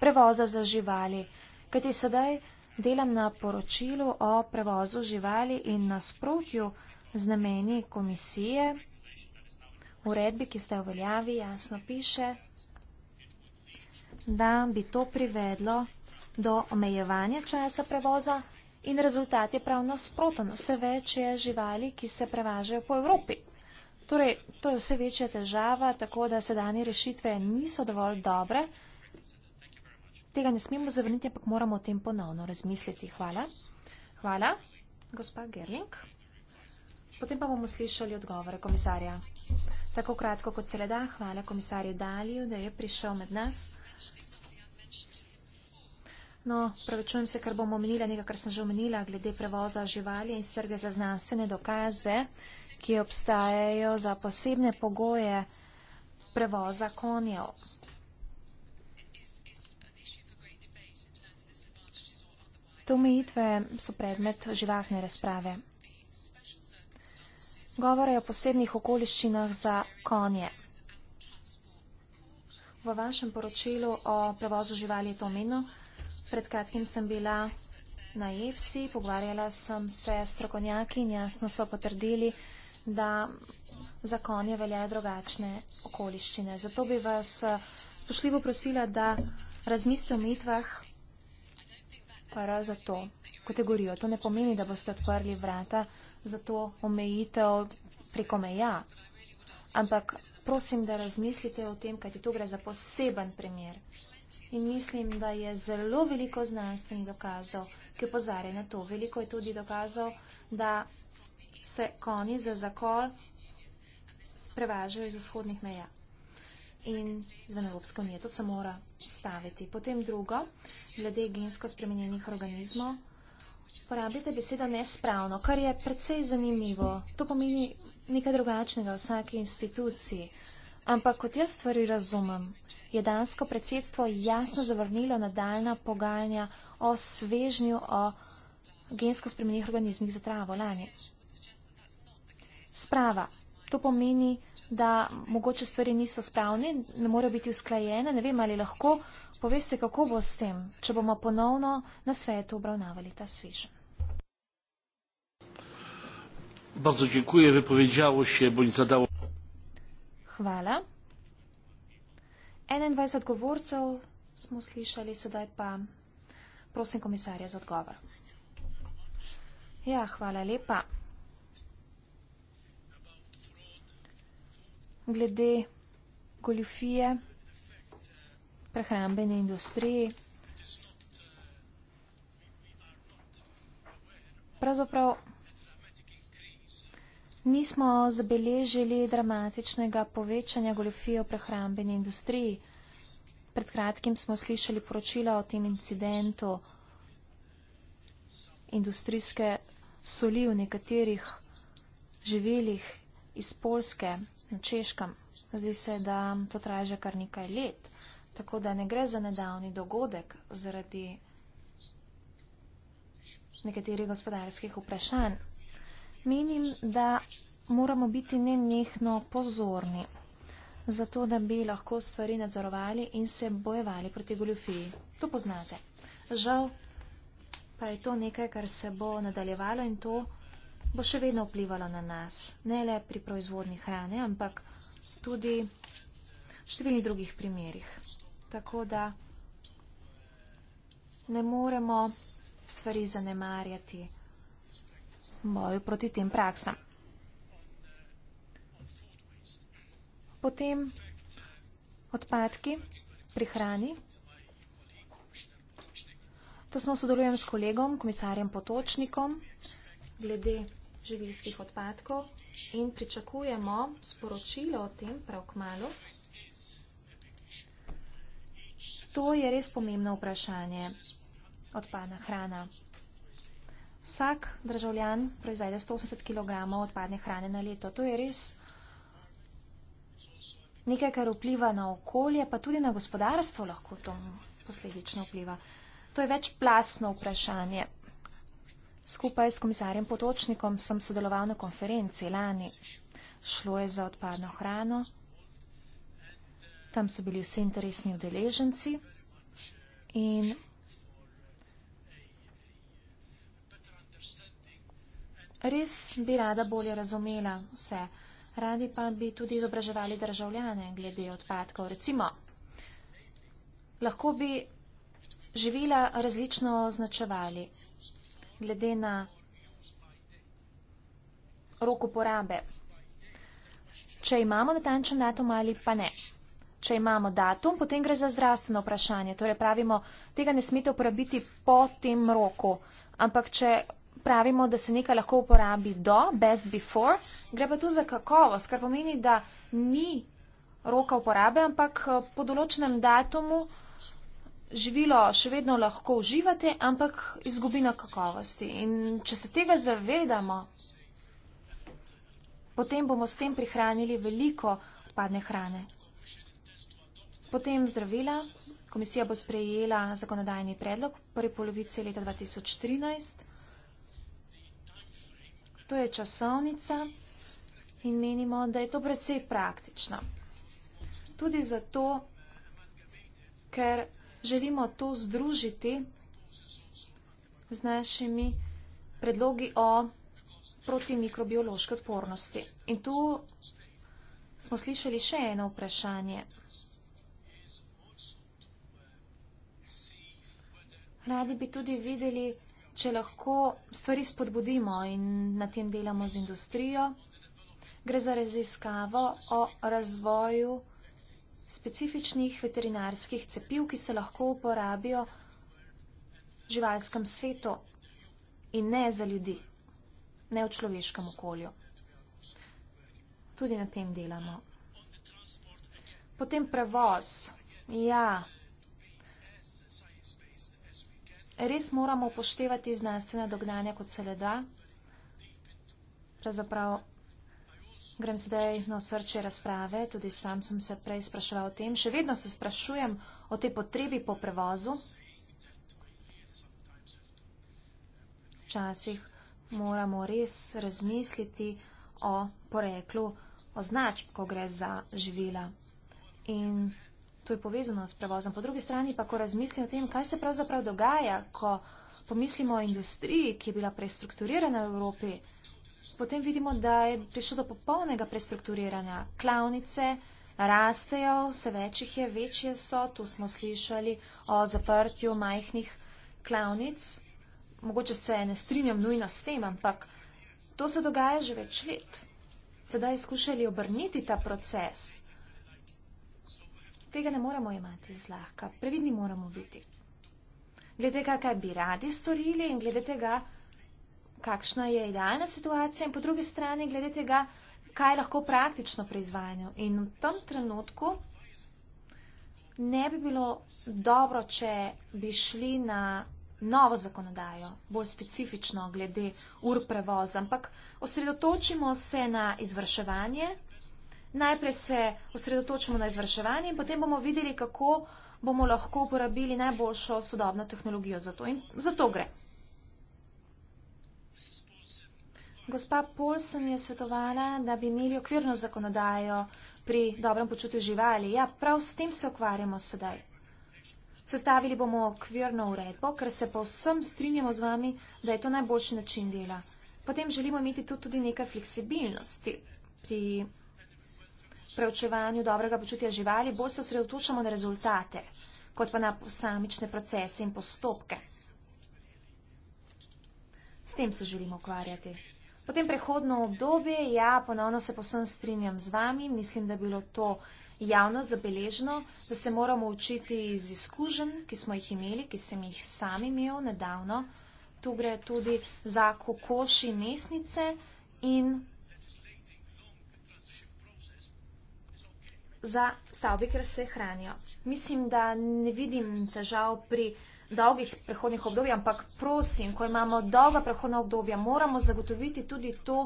Speaker 1: prevoza za živali. Kajti sedaj delam na poročilu o prevozu živali in nasprotju z nameni komisije. V uredbi, ki ste v veljavi, jasno piše, da bi to privedlo do omejevanja časa prevoza in rezultat je prav nasproten. Vse več je živali, ki se prevažajo po Evropi. Torej, to je vse večja težava, tako da sedanje rešitve niso dovolj dobre tega ne smemo zavrniti, ampak moramo o tem ponovno razmisliti. Hvala. Hvala, gospa Gerling. Potem pa bomo slišali odgovore komisarja. Tako kratko, kot se le da, hvala komisarju Daliju, da je prišel med nas. No, pravičujem se, ker bom omenila nekaj, kar sem že omenila, glede prevoza živali in srge za znanstvene dokaze, ki obstajajo za posebne pogoje prevoza konjev. Te omejitve so predmet živahne razprave. Govore o posebnih okoliščinah za konje. V vašem poročilu o prevozu živali je to omenjeno. Pred kratkim sem bila na EFSI, pogovarjala sem se s strokovnjaki in jasno so potrdili, da za konje veljajo drugačne okoliščine. Zato bi vas spošljivo prosila, da razmislite o mitvah hvala za to kategorijo. To ne pomeni, da boste odprli vrata za to omejitev preko meja. Ampak prosim, da razmislite o tem, kajti to gre za poseben primer. In mislim, da je zelo veliko znanstvenih dokazov, ki pozare na to. Veliko je tudi dokazov, da se koni za zakol prevažajo iz vzhodnih meja in z Venevopske unije. To se mora staviti. Potem drugo, glede gensko spremenjenih organizmov. Uporabite besedo nespravno, kar je predvsej zanimivo. To pomeni nekaj drugačnega v vsaki instituciji. Ampak kot jaz stvari razumem, je dansko predsedstvo jasno zavrnilo nadaljna pogajanja o svežnju o gensko spremenjenih organizmih za travo lani. Sprava. To pomeni, da mogoče stvari niso spravne, ne morejo biti usklajene, ne vem ali lahko. Poveste, kako bo s tem, če bomo ponovno na svetu obravnavali ta svežen.
Speaker 4: Bardzo dziękuję. Wypowiedziało się, bądź zadało.
Speaker 1: Chwala. 21 mówców smo słyszeli, sedaj pa proszę komisarza za odgovor. Ja, chwala lepa. glede goljufije, prehrambene industrije. Pravzaprav nismo zabeležili dramatičnega povečanja goljufije v prehrambeni industriji. Pred kratkim smo slišali poročila o tem incidentu industrijske soli v nekaterih živelih iz Polske na češkem. Zdi se, da to traja že kar nekaj let, tako da ne gre za nedavni dogodek zaradi nekaterih gospodarskih vprašanj. Menim, da moramo biti nenehno pozorni, zato da bi lahko stvari nadzorovali in se bojevali proti goljufiji. To poznate. Žal pa je to nekaj, kar se bo nadaljevalo in to bo še vedno vplivalo na nas, ne le pri proizvodni hrane, ampak tudi v številnih drugih primerjih. Tako da ne moremo stvari zanemarjati boju proti tem praksam. Potem odpadki pri hrani. To smo sodelujem s kolegom, komisarjem Potočnikom, glede živilskih odpadkov in pričakujemo sporočilo o tem prav k malu. To je res pomembno vprašanje. Odpadna hrana. Vsak državljan proizvede 180 kg odpadne hrane na leto. To je res nekaj, kar vpliva na okolje, pa tudi na gospodarstvo lahko to posledično vpliva. To je več plasno vprašanje. Skupaj s komisarjem Potočnikom sem sodeloval na konferenci lani. Šlo je za odpadno hrano. Tam so bili vsi interesni udeleženci in res bi rada bolje razumela vse. Radi pa bi tudi izobraževali državljane glede odpadkov. Recimo, lahko bi živila različno označevali glede na rok uporabe. Če imamo natančen datum ali pa ne. Če imamo datum, potem gre za zdravstveno vprašanje. Torej pravimo, tega ne smete uporabiti po tem roku. Ampak če pravimo, da se nekaj lahko uporabi do, best before, gre pa tu za kakovost, kar pomeni, da ni roka uporabe, ampak eh, po določenem datumu živilo še vedno lahko uživate, ampak izgubi na kakovosti. In če se tega zavedamo, potem bomo s tem prihranili veliko odpadne hrane. Potem zdravila. Komisija bo sprejela zakonodajni predlog v prvi polovici leta 2013. To je časovnica in menimo, da je to predvsej praktično. Tudi zato, ker želimo to združiti z našimi predlogi o protimikrobiološki odpornosti. In tu smo slišali še eno vprašanje. Radi bi tudi videli, če lahko stvari spodbudimo in na tem delamo z industrijo. Gre za raziskavo o razvoju odpornosti specifičnih veterinarskih cepiv, ki se lahko uporabijo v živalskem svetu in ne za ljudi, ne v človeškem okolju. Tudi na tem delamo. Potem prevoz. Ja, res moramo upoštevati znanstvene dognanja kot se le da. Pravzaprav Grem zdaj na srče razprave, tudi sam sem se prej spraševal o tem. Še vedno se sprašujem o tej potrebi po prevozu. Včasih moramo res razmisliti o poreklu označb, ko gre za živila. In to je povezano s prevozom. Po drugi strani pa, ko razmislim o tem, kaj se pravzaprav dogaja, ko pomislimo o industriji, ki je bila prestrukturirana v Evropi, Potem vidimo, da je prišlo do popolnega prestrukturiranja. Klavnice rastejo, vse večjih je, večje so. Tu smo slišali o zaprtju majhnih klavnic. Mogoče se ne strinjam nujno s tem, ampak to se dogaja že več let. Sedaj skušali obrniti ta proces. Tega ne moremo imati zlahka. Previdni moramo biti. Glede tega, kaj bi radi storili in glede tega, kakšna je idealna situacija, in po drugi strani glede tega, kaj je lahko praktično pri izvajanju. In v tem trenutku ne bi bilo dobro, če bi šli na novo zakonodajo, bolj specifično glede ur prevoza, ampak osredotočimo se na izvrševanje. Najprej se osredotočimo na izvrševanje in potem bomo videli, kako bomo lahko uporabili najboljšo sodobno tehnologijo za to. In za to gre. Gospa Polsen je svetovala, da bi imeli okvirno zakonodajo pri dobrem počutju živali. Ja, prav s tem se ukvarjamo sedaj. Sestavili bomo okvirno uredbo, ker se povsem strinjamo z vami, da je to najboljši način dela. Potem želimo imeti tu tudi nekaj fleksibilnosti pri preučevanju dobrega počutja živali. Bolj se osredotočamo na rezultate, kot pa na posamične procese in postopke. S tem se želimo ukvarjati. Potem prehodno obdobje, ja, ponovno se posem strinjam z vami, mislim, da je bilo to javno zabeleženo, da se moramo učiti iz izkušenj, ki smo jih imeli, ki sem jih sam imel nedavno. Tu gre tudi za kokoši mesnice in za stavbe, ker se hranijo. Mislim, da ne vidim težav pri dolgih prehodnih obdobij, ampak prosim, ko imamo dolga prehodna obdobja, moramo zagotoviti tudi to,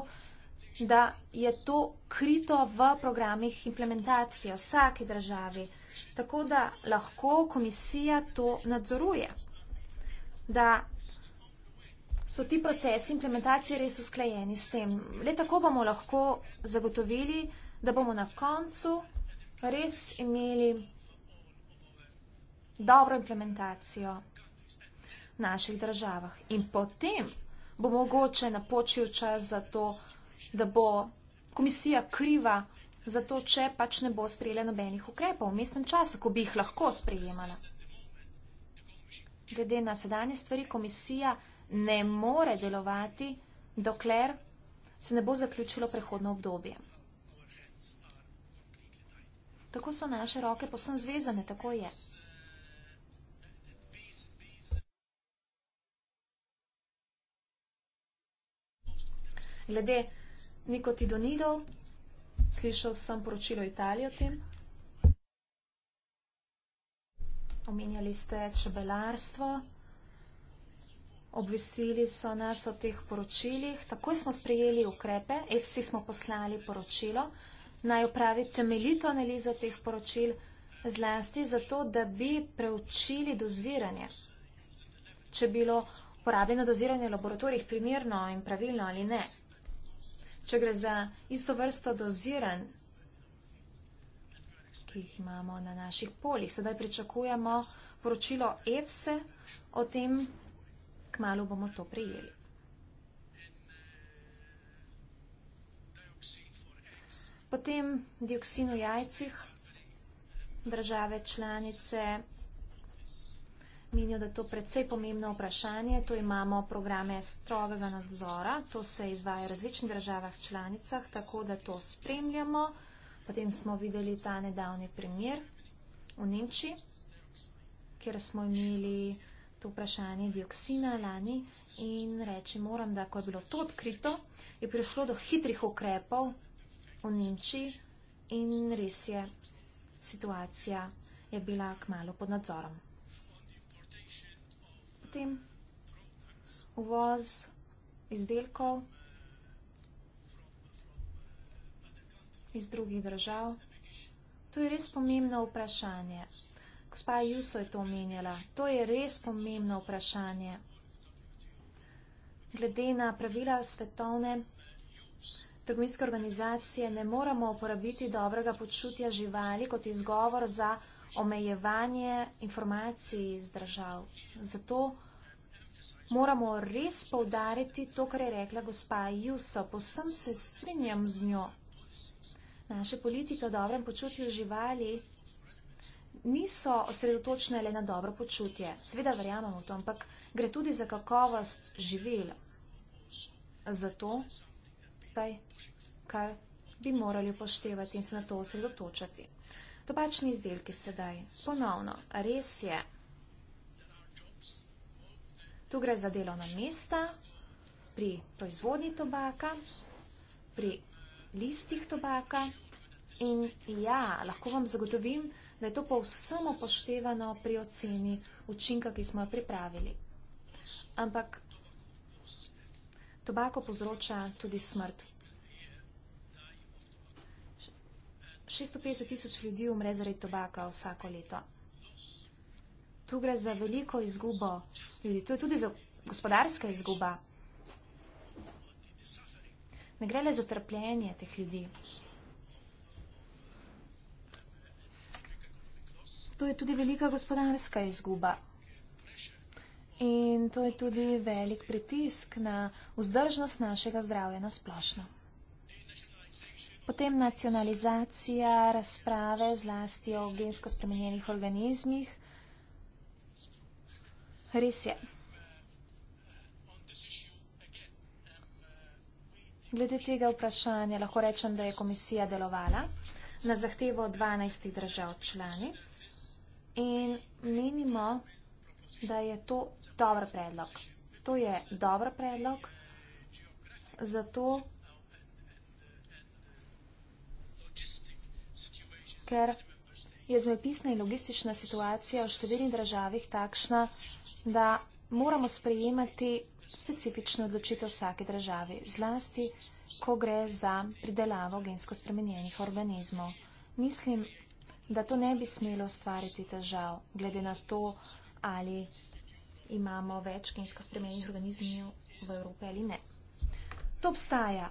Speaker 1: da je to krito v programih implementacije vsake državi, tako da lahko komisija to nadzoruje, da so ti procesi implementacije res usklajeni s tem. Le tako bomo lahko zagotovili, da bomo na koncu res imeli dobro implementacijo naših državah. In potem bo mogoče napočil čas za to, da bo komisija kriva za to, če pač ne bo sprejela nobenih ukrepov v mestnem času, ko bi jih lahko sprejemala. Glede na sedanje stvari, komisija ne more delovati, dokler se ne bo zaključilo prehodno obdobje. Tako so naše roke posem zvezane, tako je. Glede nikotidonidov, slišal sem poročilo Italijo o tem. Omenjali ste čebelarstvo, obvestili so nas o teh poročilih. Takoj smo sprejeli ukrepe, vsi smo poslali poročilo. Naj opravi temeljito analizo teh poročil, zlasti zato, da bi preučili doziranje. Če bilo uporabljeno doziranje v laboratorijih primerno in pravilno ali ne, če gre za isto vrsto doziran, ki jih imamo na naših poljih. Sedaj pričakujemo poročilo EFSE o tem, kmalo bomo to prijeli. Potem dioksin v jajcih države članice menijo, da je to predvsej pomembno vprašanje. Tu imamo programe strogega nadzora, to se izvaja v različnih državah članicah, tako da to spremljamo. Potem smo videli ta nedavni primer v Nemčiji, kjer smo imeli to vprašanje dioksina lani in reči moram, da ko je bilo to odkrito, je prišlo do hitrih ukrepov v Nemčiji in res je, situacija je bila k malu pod nadzorom potem uvoz izdelkov iz drugih držav. To je res pomembno vprašanje. Gospa Juso je to omenjala. To je res pomembno vprašanje. Glede na pravila svetovne trgovinske organizacije ne moramo uporabiti dobrega počutja živali kot izgovor za omejevanje informacij iz držav. Zato moramo res povdariti to, kar je rekla gospa Jusa. Posem se strinjam z njo. Naše politike o dobrem počutju živali niso osredotočene le na dobro počutje. Seveda verjamemo v to, ampak gre tudi za kakovost živela. Zato, kaj, kaj bi morali upoštevati in se na to osredotočati. Tobačni izdelki sedaj. Ponovno, res je. Tu gre za delovna mesta pri proizvodnji tobaka, pri listih tobaka in ja, lahko vam zagotovim, da je to povsem upoštevano pri oceni učinka, ki smo jo pripravili. Ampak tobako povzroča tudi smrt. 650 tisoč ljudi umre zaradi tobaka vsako leto tu gre za veliko izgubo ljudi, tu je tudi za gospodarska izguba. Ne gre le za trpljenje teh ljudi. To je tudi velika gospodarska izguba. In to je tudi velik pritisk na vzdržnost našega zdravja na splošno. Potem nacionalizacija, razprave zlasti o gensko spremenjenih organizmih, Res je. Glede tega vprašanja lahko rečem, da je komisija delovala na zahtevo 12 držav članic in menimo, da je to dobro predlog. To je dobro predlog, zato, ker predlog, je zemljepisna in logistična situacija v številnih državah takšna, da moramo sprejemati specifično odločitev vsake države, zlasti, ko gre za pridelavo gensko spremenjenih organizmov. Mislim, da to ne bi smelo ustvariti težav, glede na to, ali imamo več gensko spremenjenih organizmov v Evropi ali ne. To obstaja.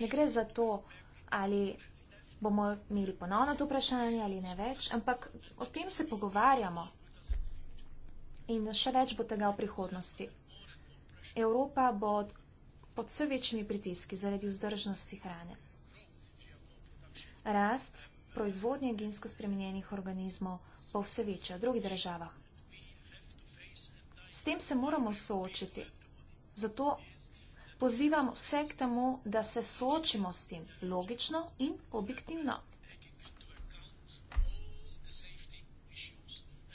Speaker 1: Ne gre za to, ali bomo imeli ponovno to vprašanje ali ne več, ampak o tem se pogovarjamo in še več bo tega v prihodnosti. Evropa bo pod vse večjimi pritiski zaradi vzdržnosti hrane. Rast proizvodnje gensko spremenjenih organizmov bo vse večja v drugih državah. S tem se moramo soočiti. Zato Pozivam vse k temu, da se soočimo s tem logično in objektivno.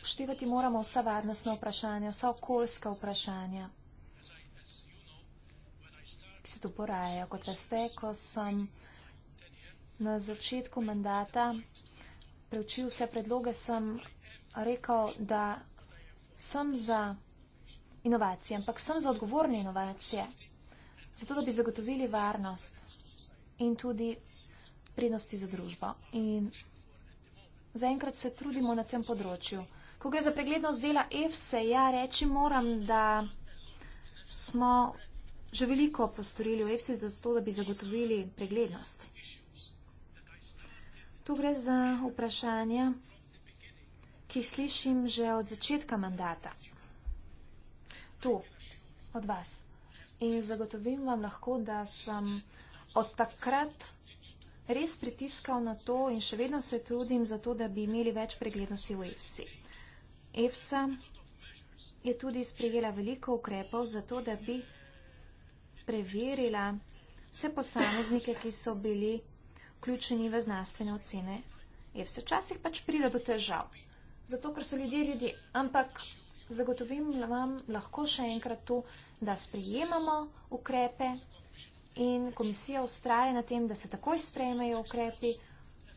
Speaker 1: Poštevati moramo vsa varnostna vprašanja, vsa okoljska vprašanja, ki se tu porajajo. Kot veste, ko sem na začetku mandata preučil vse predloge, sem rekel, da sem za inovacije, ampak sem za odgovorne inovacije zato da bi zagotovili varnost in tudi prednosti za družbo. In zaenkrat se trudimo na tem področju. Ko gre za preglednost dela EFSE, ja, reči moram, da smo že veliko postorili v EFSE, zato da bi zagotovili preglednost. Tu gre za vprašanje, ki slišim že od začetka mandata. Tu, od vas. In zagotovim vam lahko, da sem od takrat res pritiskal na to in še vedno se trudim za to, da bi imeli več preglednosti v EFSA. E EFSA je tudi sprejela veliko ukrepov za to, da bi preverila vse posameznike, ki so bili vključeni v znanstvene ocene. EFSA časih pač pride do težav, zato ker so ljudje ljudje. Ampak zagotovim vam lahko še enkrat to, da sprejemamo ukrepe in komisija ustraja na tem, da se takoj sprejmejo ukrepi,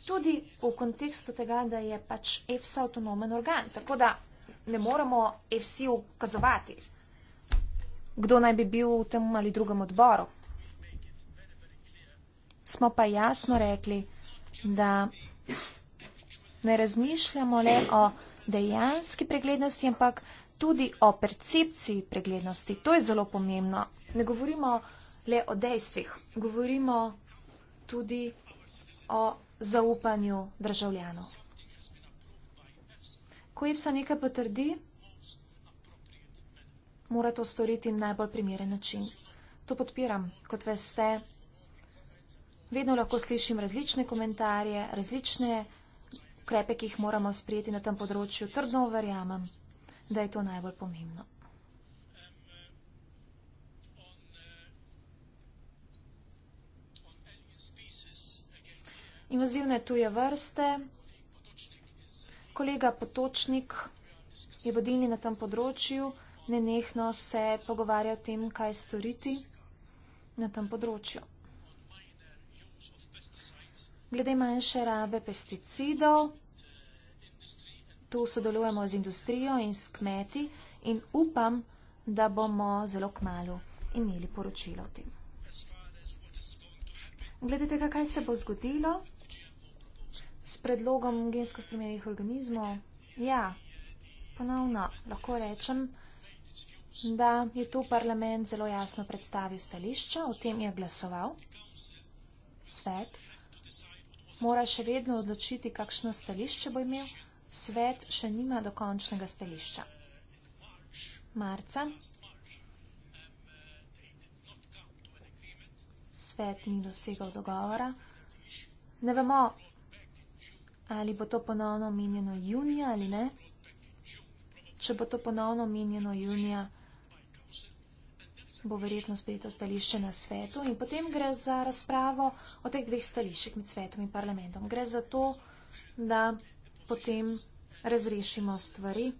Speaker 1: tudi v kontekstu tega, da je pač EFSA avtonomen organ. Tako da ne moremo EFSI ukazovati, kdo naj bi bil v tem ali drugem odboru. Smo pa jasno rekli, da ne razmišljamo le o dejanski preglednosti, ampak tudi o percepciji preglednosti. To je zelo pomembno. Ne govorimo le o dejstvih, govorimo tudi o zaupanju državljanov. Ko IPSA nekaj potrdi, mora to storiti najbolj primeren način. To podpiram, kot veste. Vedno lahko slišim različne komentarje, različne ukrepe, ki jih moramo sprijeti na tem področju. Trdno verjamem da je to najbolj pomembno. Invazivne tuje vrste. Kolega Potočnik je vodilni na tem področju, nenehno se pogovarja o tem, kaj storiti na tem področju. Glede manjše rabe pesticidov tu sodelujemo z industrijo in s kmeti in upam, da bomo zelo kmalo imeli poročilo o tem. Glede tega, kaj se bo zgodilo s predlogom gensko spremenjenih organizmov, ja, ponovno lahko rečem, da je tu parlament zelo jasno predstavil stališča, o tem je glasoval. Svet mora še vedno odločiti, kakšno stališče bo imel svet še nima dokončnega stališča. Marca svet ni dosegal dogovora. Ne vemo, ali bo to ponovno omenjeno junija ali ne. Če bo to ponovno omenjeno junija, bo verjetno sprejeto stališče na svetu in potem gre za razpravo o teh dveh stališčih med svetom in parlamentom. Gre za to, da potem razrešimo stvari,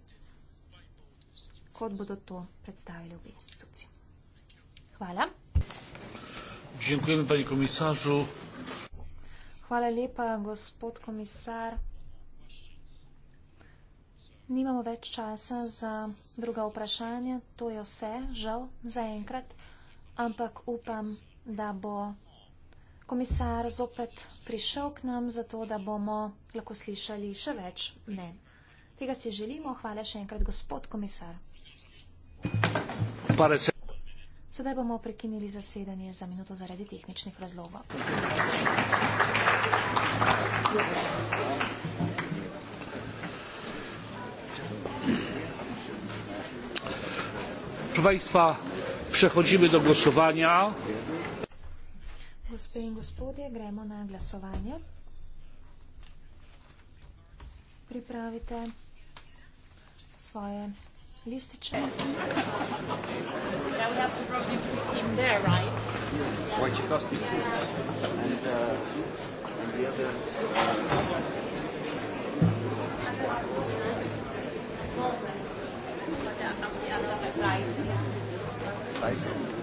Speaker 1: kot bodo to predstavili obi instituciji. Hvala. Hvala lepa, gospod komisar. Nimamo več časa za druga vprašanja. To je vse, žal, zaenkrat. Ampak upam, da bo komisar zopet prišel k nam, zato da bomo lahko slišali še več mnen. Tega si želimo. Hvala še enkrat, gospod komisar. Sedaj bomo prekinili zasedanje za minuto zaradi tehničnih razlogov.
Speaker 4: Proszę Państwa, przechodzimy do głosowania.
Speaker 1: Gospe in gospodje, gremo na glasovanje. Pripravite svoje lističe. Uh,
Speaker 2: Thank uh, you.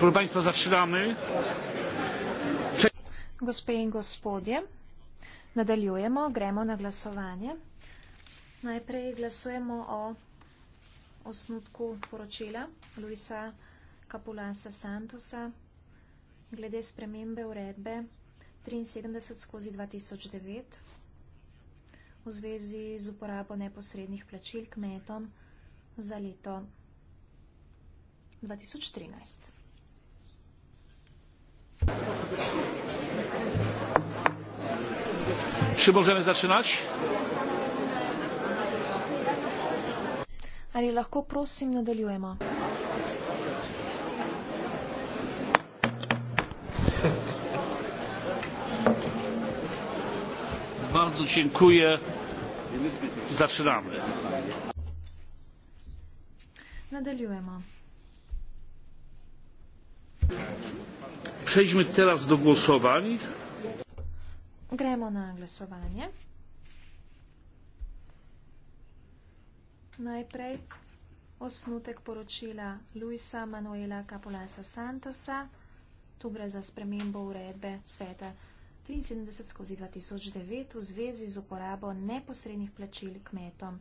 Speaker 4: Proszę Państwa, zaczynamy.
Speaker 1: Gospe in gospodje, nadaljujemo, gremo na glasovanje. Najprej glasujemo o osnutku poročila Luisa Capulasa Santosa glede spremembe uredbe 73 skozi 2009 v zvezi z uporabo neposrednih plačil kmetom za leto 2013.
Speaker 4: Czy możemy zaczynać?
Speaker 1: Ali lahko prosim nadaljujemo?
Speaker 4: Bardzo dziękuję. Zaczynamy.
Speaker 1: Nadaljujemo.
Speaker 4: Przejdźmy teraz do głosowań.
Speaker 1: Gremo na głosowanie. najprej osnutek poročila Luisa Manuela Capolasa Santosa. Tu gre za spremembo uredbe sveta 73 skozi 2009 v zvezi z uporabo neposrednih plačil kmetom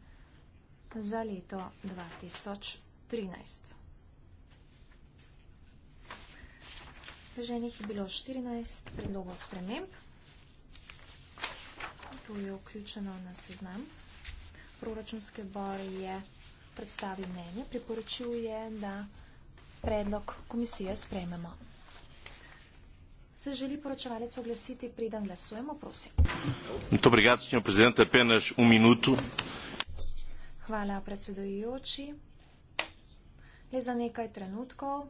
Speaker 1: za leto 2013. Vloženih je bilo 14 predlogov sprememb. To je vključeno na seznam proračunski odbor je predstavil mnenje, priporočil je, da predlog komisije sprejmemo. Se želi poročevalec oglasiti, preden glasujemo, prosim. Um Hvala, predsedujoči. Le za nekaj trenutkov.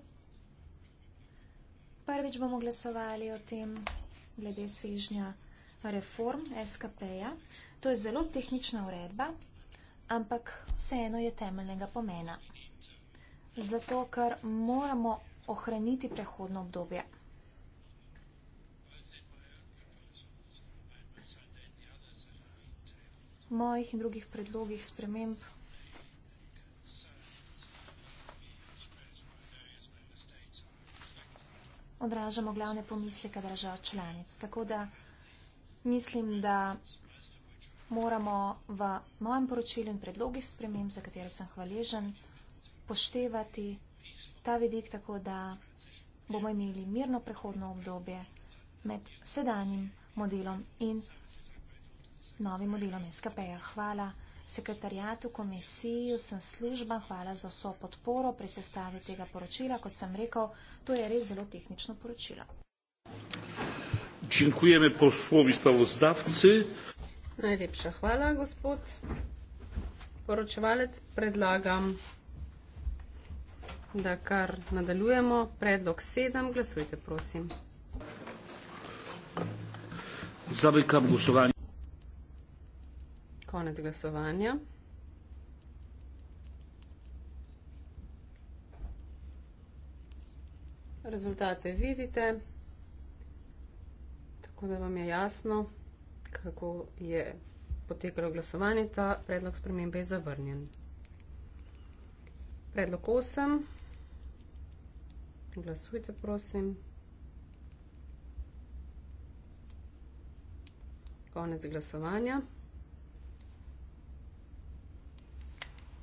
Speaker 1: Prvič bomo glasovali o tem glede svežnja reform SKP-ja. To je zelo tehnična uredba, ampak vseeno je temeljnega pomena. Zato, ker moramo ohraniti prehodno obdobje. Mojih in drugih predlogih sprememb odražamo glavne pomisleke držav članic. Tako da mislim, da moramo v mojem poročilu in predlogi spremem, za katere sem hvaležen, poštevati ta vidik tako, da bomo imeli mirno prehodno obdobje med sedanjim modelom in novim modelom SKP-ja. Hvala sekretarjatu, komisiji, vsem službam, hvala za vso podporo pri sestavi tega poročila. Kot sem rekel, to je res zelo tehnično poročilo.
Speaker 4: Dziękujemy posłowi sprawozdawcy.
Speaker 1: Najlepša
Speaker 2: hvala, gospod poročevalec. Predlagam, da kar nadaljujemo. Predlog sedem, glasujte, prosim.
Speaker 4: Zamekam glasovanje.
Speaker 2: Konec glasovanja. Rezultate vidite, tako da vam je jasno kako je potekalo glasovanje, ta predlog spremembe je zavrnjen. Predlog 8. Glasujte, prosim. Konec glasovanja.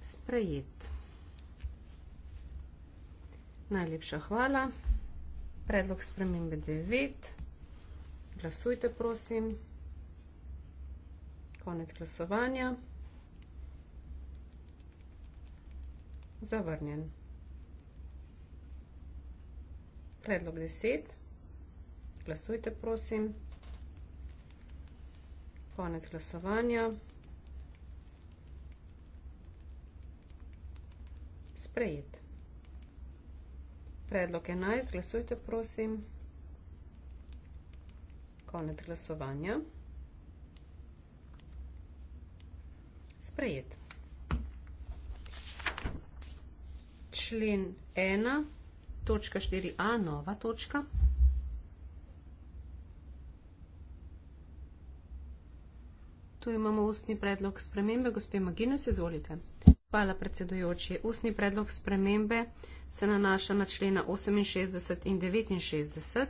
Speaker 2: Sprejet. Najlepša hvala. Predlog spremembe 9. Glasujte, prosim konec glasovanja. Zavrnjen. Predlog 10. Glasujte, prosim. Konec glasovanja. Sprejet. Predlog 11. Glasujte, prosim. Konec glasovanja. sprejet. Člen 1, točka 4a, nova točka. Tu imamo ustni predlog spremembe. Gospe Magines, izvolite. Hvala, predsedujoči. Ustni predlog spremembe se nanaša na člena 68 in 69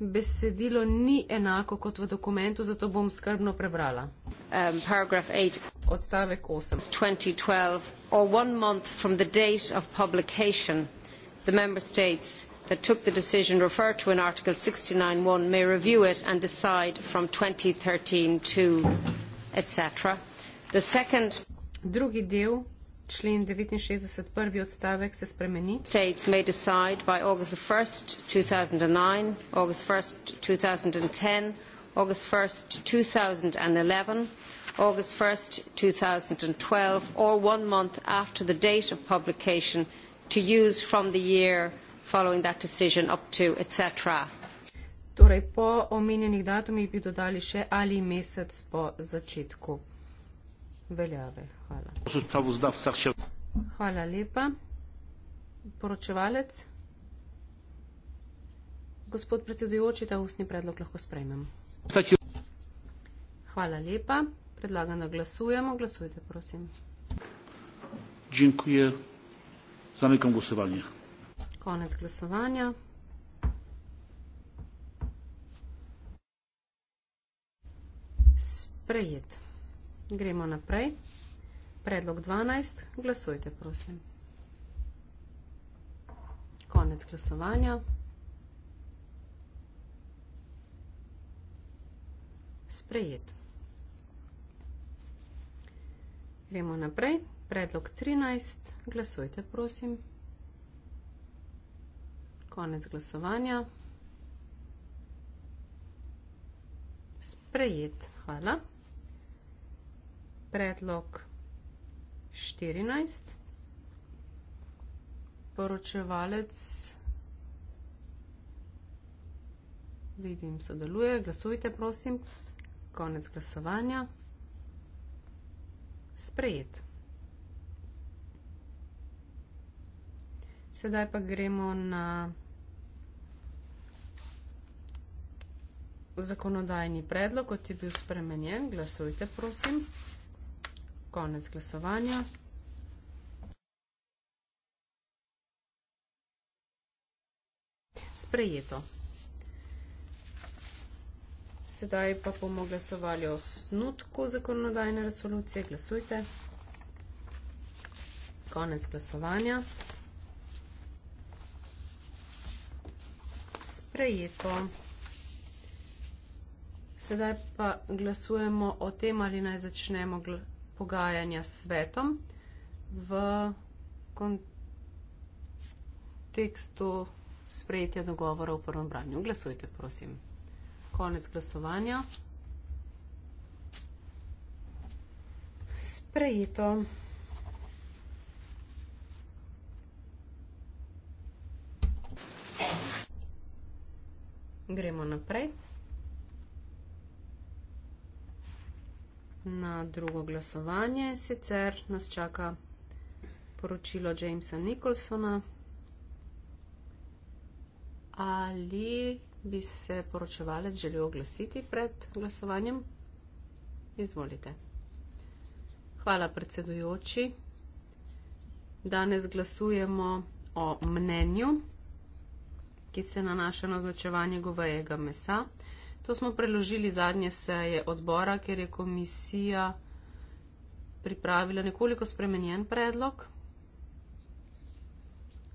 Speaker 2: besedilo ni enako kot v dokumentu, zato bom skrbno prebrala. Um, paragraf 8. Odstavek 8. 2012, or one month from the date of publication, the member states that took the decision referred to in article 69.1 may review it and decide from 2013 to etc. The second. Drugi del člen devetinšestdeset prvi odstavek se spremeni states may decide by august the first two thousand and nine august first two thousand and ten august first two thousand and eleven august first two thousand and twelve or one month after the date of publication to use from the year following that decision up to etc torej po omenjenih datumih bi dodali še ali mesec po začetku veljave.
Speaker 4: Hvala.
Speaker 2: Hvala lepa. Poročevalec. Gospod predsedujoči, ta ustni predlog lahko sprejmem. Hvala lepa. Predlagam, da glasujemo. Glasujte, prosim.
Speaker 4: Dziękuję. Zamykam głosowanie.
Speaker 2: Koniec głosowania. Sprejet. Gremo naprej. Predlog 12. Glasujte, prosim. Konec glasovanja. Sprejet. Gremo naprej. Predlog 13. Glasujte, prosim. Konec glasovanja. Sprejet. Hvala predlog 14. Poročevalec, vidim, sodeluje, glasujte, prosim. Konec glasovanja. Sprejet. Sedaj pa gremo na zakonodajni predlog, kot je bil spremenjen. Glasujte, prosim konec glasovanja. Sprejeto. Sedaj pa bomo glasovali o snutku zakonodajne resolucije. Glasujte. Konec glasovanja. Sprejeto. Sedaj pa glasujemo o tem, ali naj začnemo glasovati pogajanja s svetom v kontekstu sprejetja dogovora v prvem branju. Glasujte, prosim. Konec glasovanja. Sprejeto. Gremo naprej. na drugo glasovanje, sicer nas čaka poročilo Jamesa Nicholsona. Ali bi se poročevalec želel oglasiti pred glasovanjem? Izvolite. Hvala, predsedujoči. Danes glasujemo o mnenju, ki se nanaša na označevanje govejega mesa. To smo preložili zadnje seje odbora, ker je komisija pripravila nekoliko spremenjen predlog.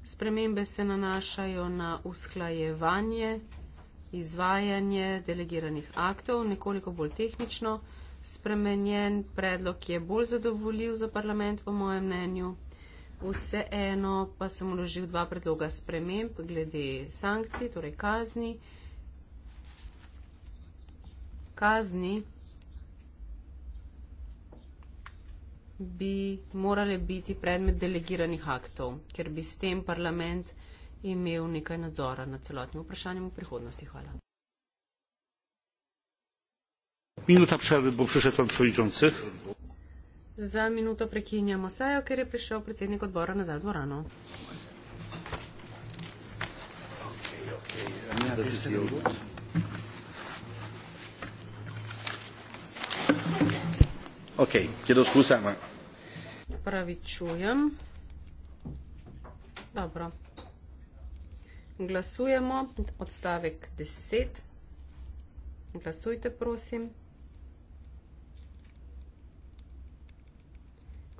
Speaker 2: Spremembe se nanašajo na usklajevanje, izvajanje delegiranih aktov, nekoliko bolj tehnično. Spremenjen predlog je bolj zadovoljiv za parlament, po mojem mnenju. Vseeno pa sem uložil dva predloga sprememb glede sankcij, torej kazni kazni bi morale biti predmet delegiranih aktov, ker bi s tem parlament imel nekaj nadzora nad celotnim vprašanjem v prihodnosti. Hvala.
Speaker 4: Minuta prerve bo prišel tam svojičonce.
Speaker 2: Za minuto prekinjamo sejo, ker je prišel predsednik odbora nazaj v dvorano. Okay, okay.
Speaker 4: Ok, chiedo scusa, ma.
Speaker 2: Pravičujem. Dobro. Glasujemo odstavek deset. Glasujte, prosim.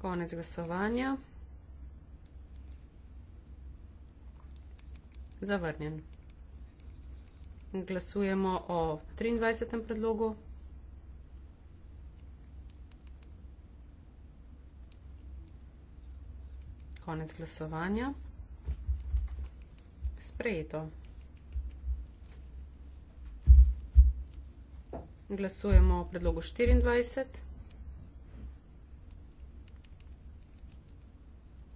Speaker 2: Konec glasovanja. Zavrnjen. Glasujemo o triindvajsetem predlogu. konec glasovanja. Sprejeto. Glasujemo o predlogu 24.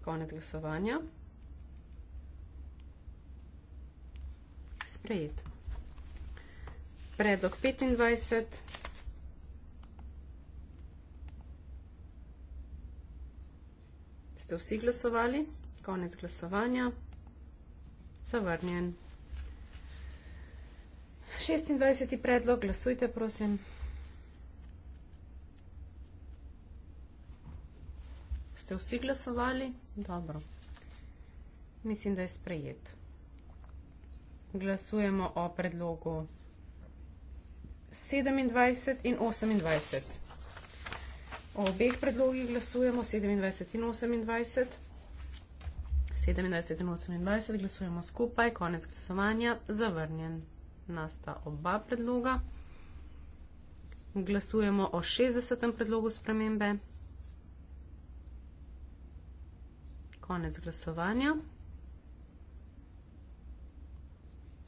Speaker 2: Konec glasovanja. Sprejet. Predlog 25. ste vsi glasovali. Konec glasovanja. Zavrnjen. 26. predlog, glasujte, prosim. Ste vsi glasovali? Dobro. Mislim, da je sprejet. Glasujemo o predlogu 27 in 28. O obeh predlogih glasujemo 27 in 28. 27 in 28 glasujemo skupaj, konec glasovanja, zavrnjen nasta oba predloga. Glasujemo o 60. predlogu spremembe. Konec glasovanja.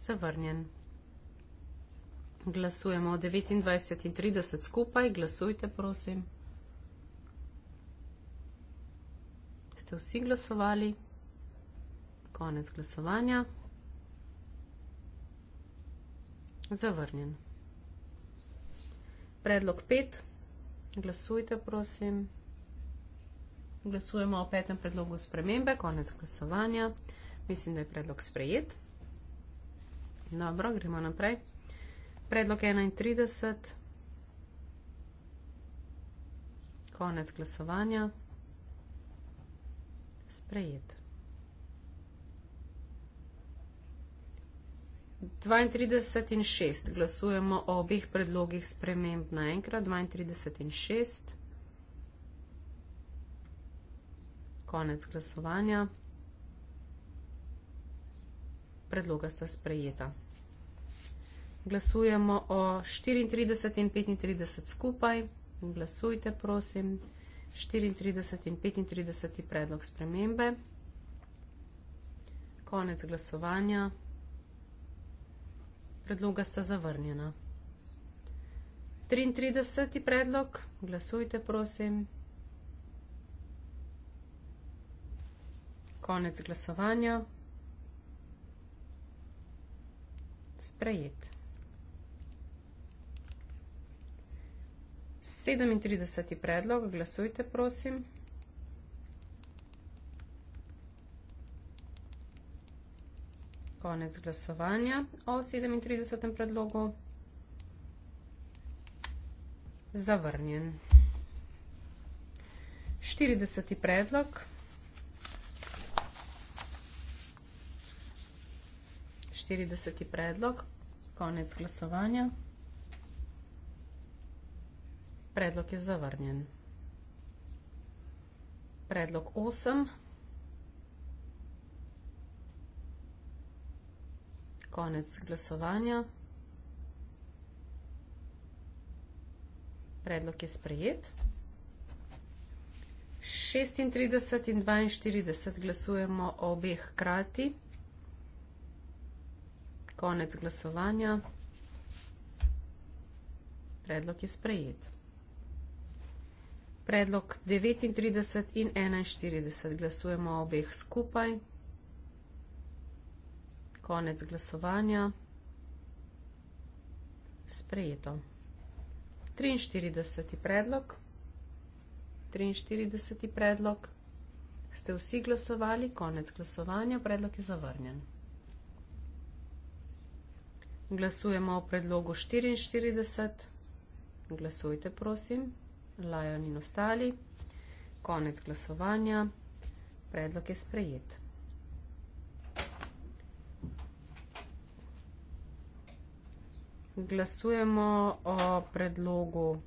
Speaker 2: Zavrnjen. Glasujemo o 29 in 30 skupaj. Glasujte, prosim. ste vsi glasovali. Konec glasovanja. Zavrnjen. Predlog 5. Glasujte, prosim. Glasujemo o petem predlogu spremembe. Konec glasovanja. Mislim, da je predlog sprejet. Dobro, gremo naprej. Predlog 31. Konec glasovanja sprejet. 32 in 6. Glasujemo o obih predlogih sprememb naenkrat. 32 in 6. Konec glasovanja. Predloga sta sprejeta. Glasujemo o 34 in 35 skupaj. Glasujte, prosim. 34 in 35 predlog spremembe. Konec glasovanja. Predloga sta zavrnjena. 33. predlog. Glasujte, prosim. Konec glasovanja. Sprejet. 37. predlog, glasujte prosim. Konec glasovanja o 37. predlogu. Zavrnjen. 40. predlog. 40. predlog. Konec glasovanja. Predlog je zavrnjen. Predlog osem. Konec glasovanja. Predlog je sprejet. 36 in 42 glasujemo obeh krati. Konec glasovanja. Predlog je sprejet predlog 39 in 41. Glasujemo o obeh skupaj. Konec glasovanja. Sprejeto. 43. predlog. 43. predlog. Ste vsi glasovali? Konec glasovanja. Predlog je zavrnjen. Glasujemo o predlogu 44. Glasujte, prosim. Lion in ostali. Konec glasovanja. Predlog je sprejet. Glasujemo o predlogu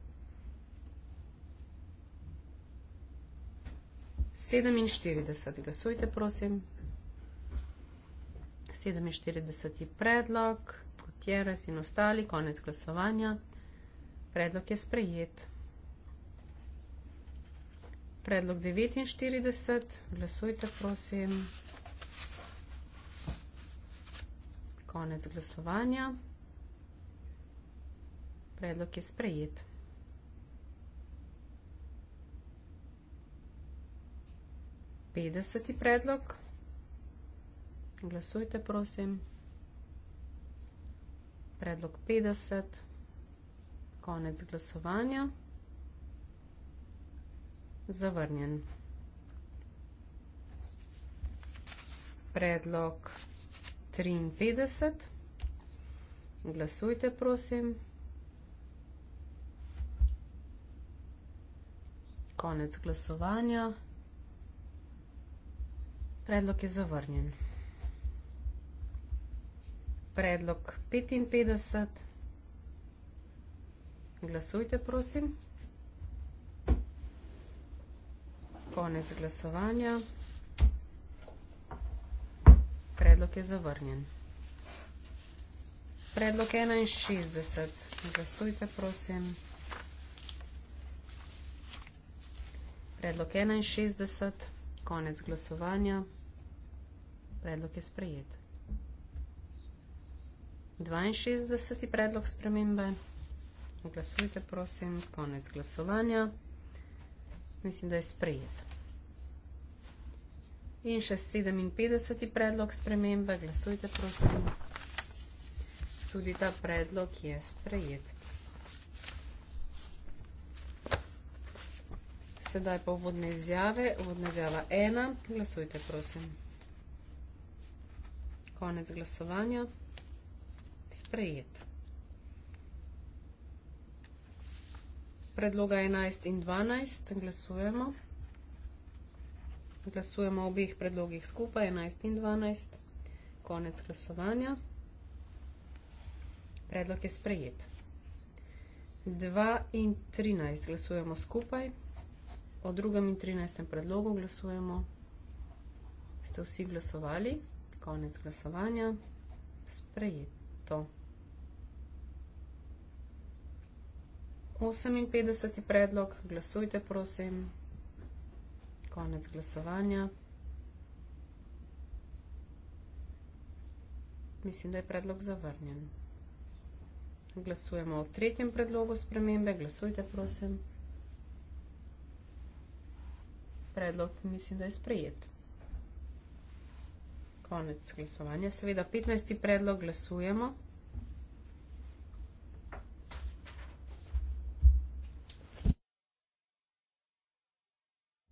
Speaker 2: 47. Glasujte, prosim. 47. predlog, kot je res in ostali, konec glasovanja. Predlog je sprejet. Predlog 49, glasujte prosim. Konec glasovanja. Predlog je sprejet. Petdeseti predlog. Glasujte prosim. Predlog 50. Konec glasovanja zavrnjen. Predlog 53. Glasujte, prosim. Konec glasovanja. Predlog je zavrnjen. Predlog 55. Glasujte, prosim. Konec glasovanja. Predlog je zavrnjen. Predlog 61. Glasujte, prosim. Predlog 61. Konec glasovanja. Predlog je sprejet. 62. Predlog spremembe. Glasujte, prosim. Konec glasovanja. Mislim, da je sprejet. In še 57. predlog spremembe. Glasujte, prosim. Tudi ta predlog je sprejet. Sedaj pa vodne izjave. Vodna izjava 1. Glasujte, prosim. Konec glasovanja. Sprejet. predloga 11 in 12, glasujemo. Glasujemo obih predlogih skupaj, 11 in 12. Konec glasovanja. Predlog je sprejet. 2 in 13 glasujemo skupaj. O drugem in 13. predlogu glasujemo. Ste vsi glasovali? Konec glasovanja. Sprejeto. 58. predlog, glasujte prosim. Konec glasovanja. Mislim, da je predlog zavrnjen. Glasujemo o tretjem predlogu spremembe, glasujte prosim. Predlog mislim, da je sprejet. Konec glasovanja. Seveda 15. predlog glasujemo.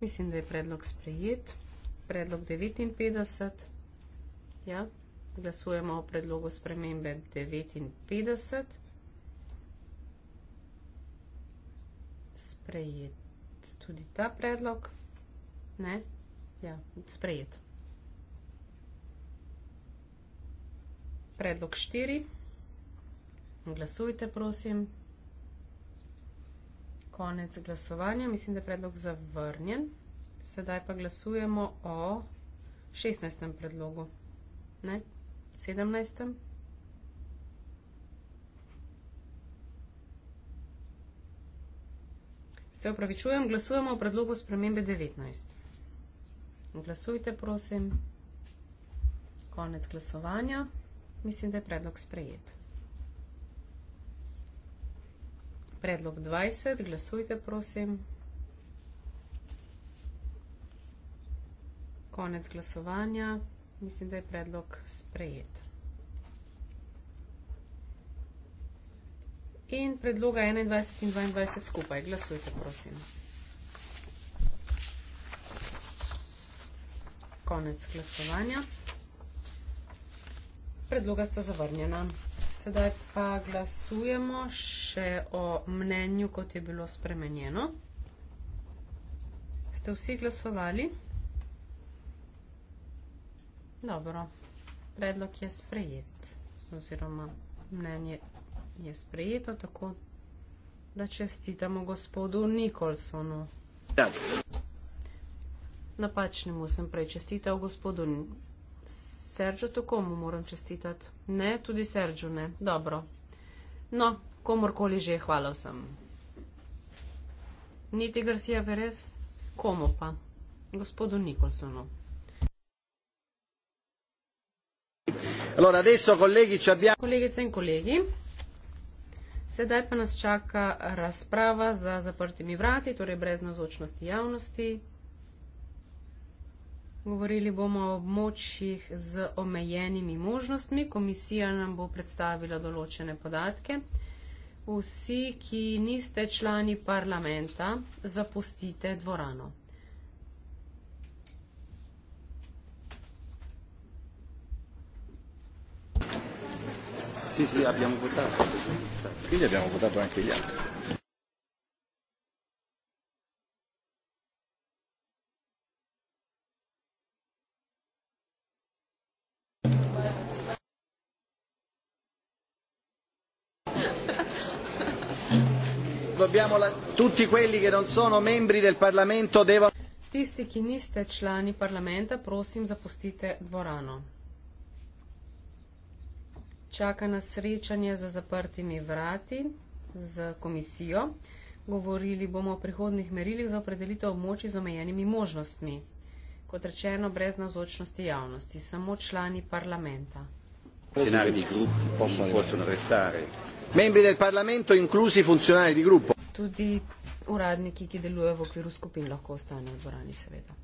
Speaker 2: Mislim, da je predlog sprejet. Predlog 59. Ja, glasujemo o predlogu spremembe 59. Sprejet tudi ta predlog. Ne? Ja, sprejet. Predlog 4. Glasujte, prosim konec glasovanja. Mislim, da je predlog zavrnjen. Sedaj pa glasujemo o 16. predlogu. Ne? 17. Se upravičujem, glasujemo o predlogu spremembe 19. Glasujte, prosim. Konec glasovanja. Mislim, da je predlog sprejet. Predlog 20, glasujte prosim. Konec glasovanja. Mislim, da je predlog sprejet. In predloga 21 in 22 skupaj. Glasujte, prosim. Konec glasovanja. Predloga sta zavrnjena sedaj pa glasujemo še o mnenju, kot je bilo spremenjeno. Ste vsi glasovali? Dobro, predlog je sprejet oziroma mnenje je sprejeto, tako da čestitamo gospodu Nikolsonu. Ja. Napačnemu sem prej čestital gospodu Nikolsonu. Sergio, to komu moram čestitati? Ne, tudi Sergio ne. Dobro. No, komorkoli že, hvala vsem. Niti Garcia Perez, komu pa? Gospodu Nikolsonu. Allora, adesso, kolegi, abbiamo... Kolegice in kolegi, sedaj pa nas čaka razprava za zaprtimi vrati, torej brez nazočnosti javnosti. Govorili bomo o območjih z omejenimi možnostmi. Komisija nam bo predstavila določene podatke. Vsi, ki niste člani parlamenta, zapustite dvorano.
Speaker 4: Sì, sì, abbiamo votato. Quindi abbiamo
Speaker 1: votato anche gli altri. dobbiamo la... tutti quelli che non sono membri del Parlamento devono
Speaker 2: Tisti che niste člani parlamenta, prosim zapustite dvorano. Čaka nas srečanje za zaprtimi vrati z komisijo. Govorili bomo o prihodnih merilih za opredelitev območi z omejenimi možnostmi. Kot rečeno, brez nazočnosti javnosti, samo člani parlamenta.
Speaker 1: Membri del parlamento, inklusi funkcionari di gruppo
Speaker 2: tudi uradniki, ki delujejo v okviru skupin, lahko ostanejo v dvorani, seveda.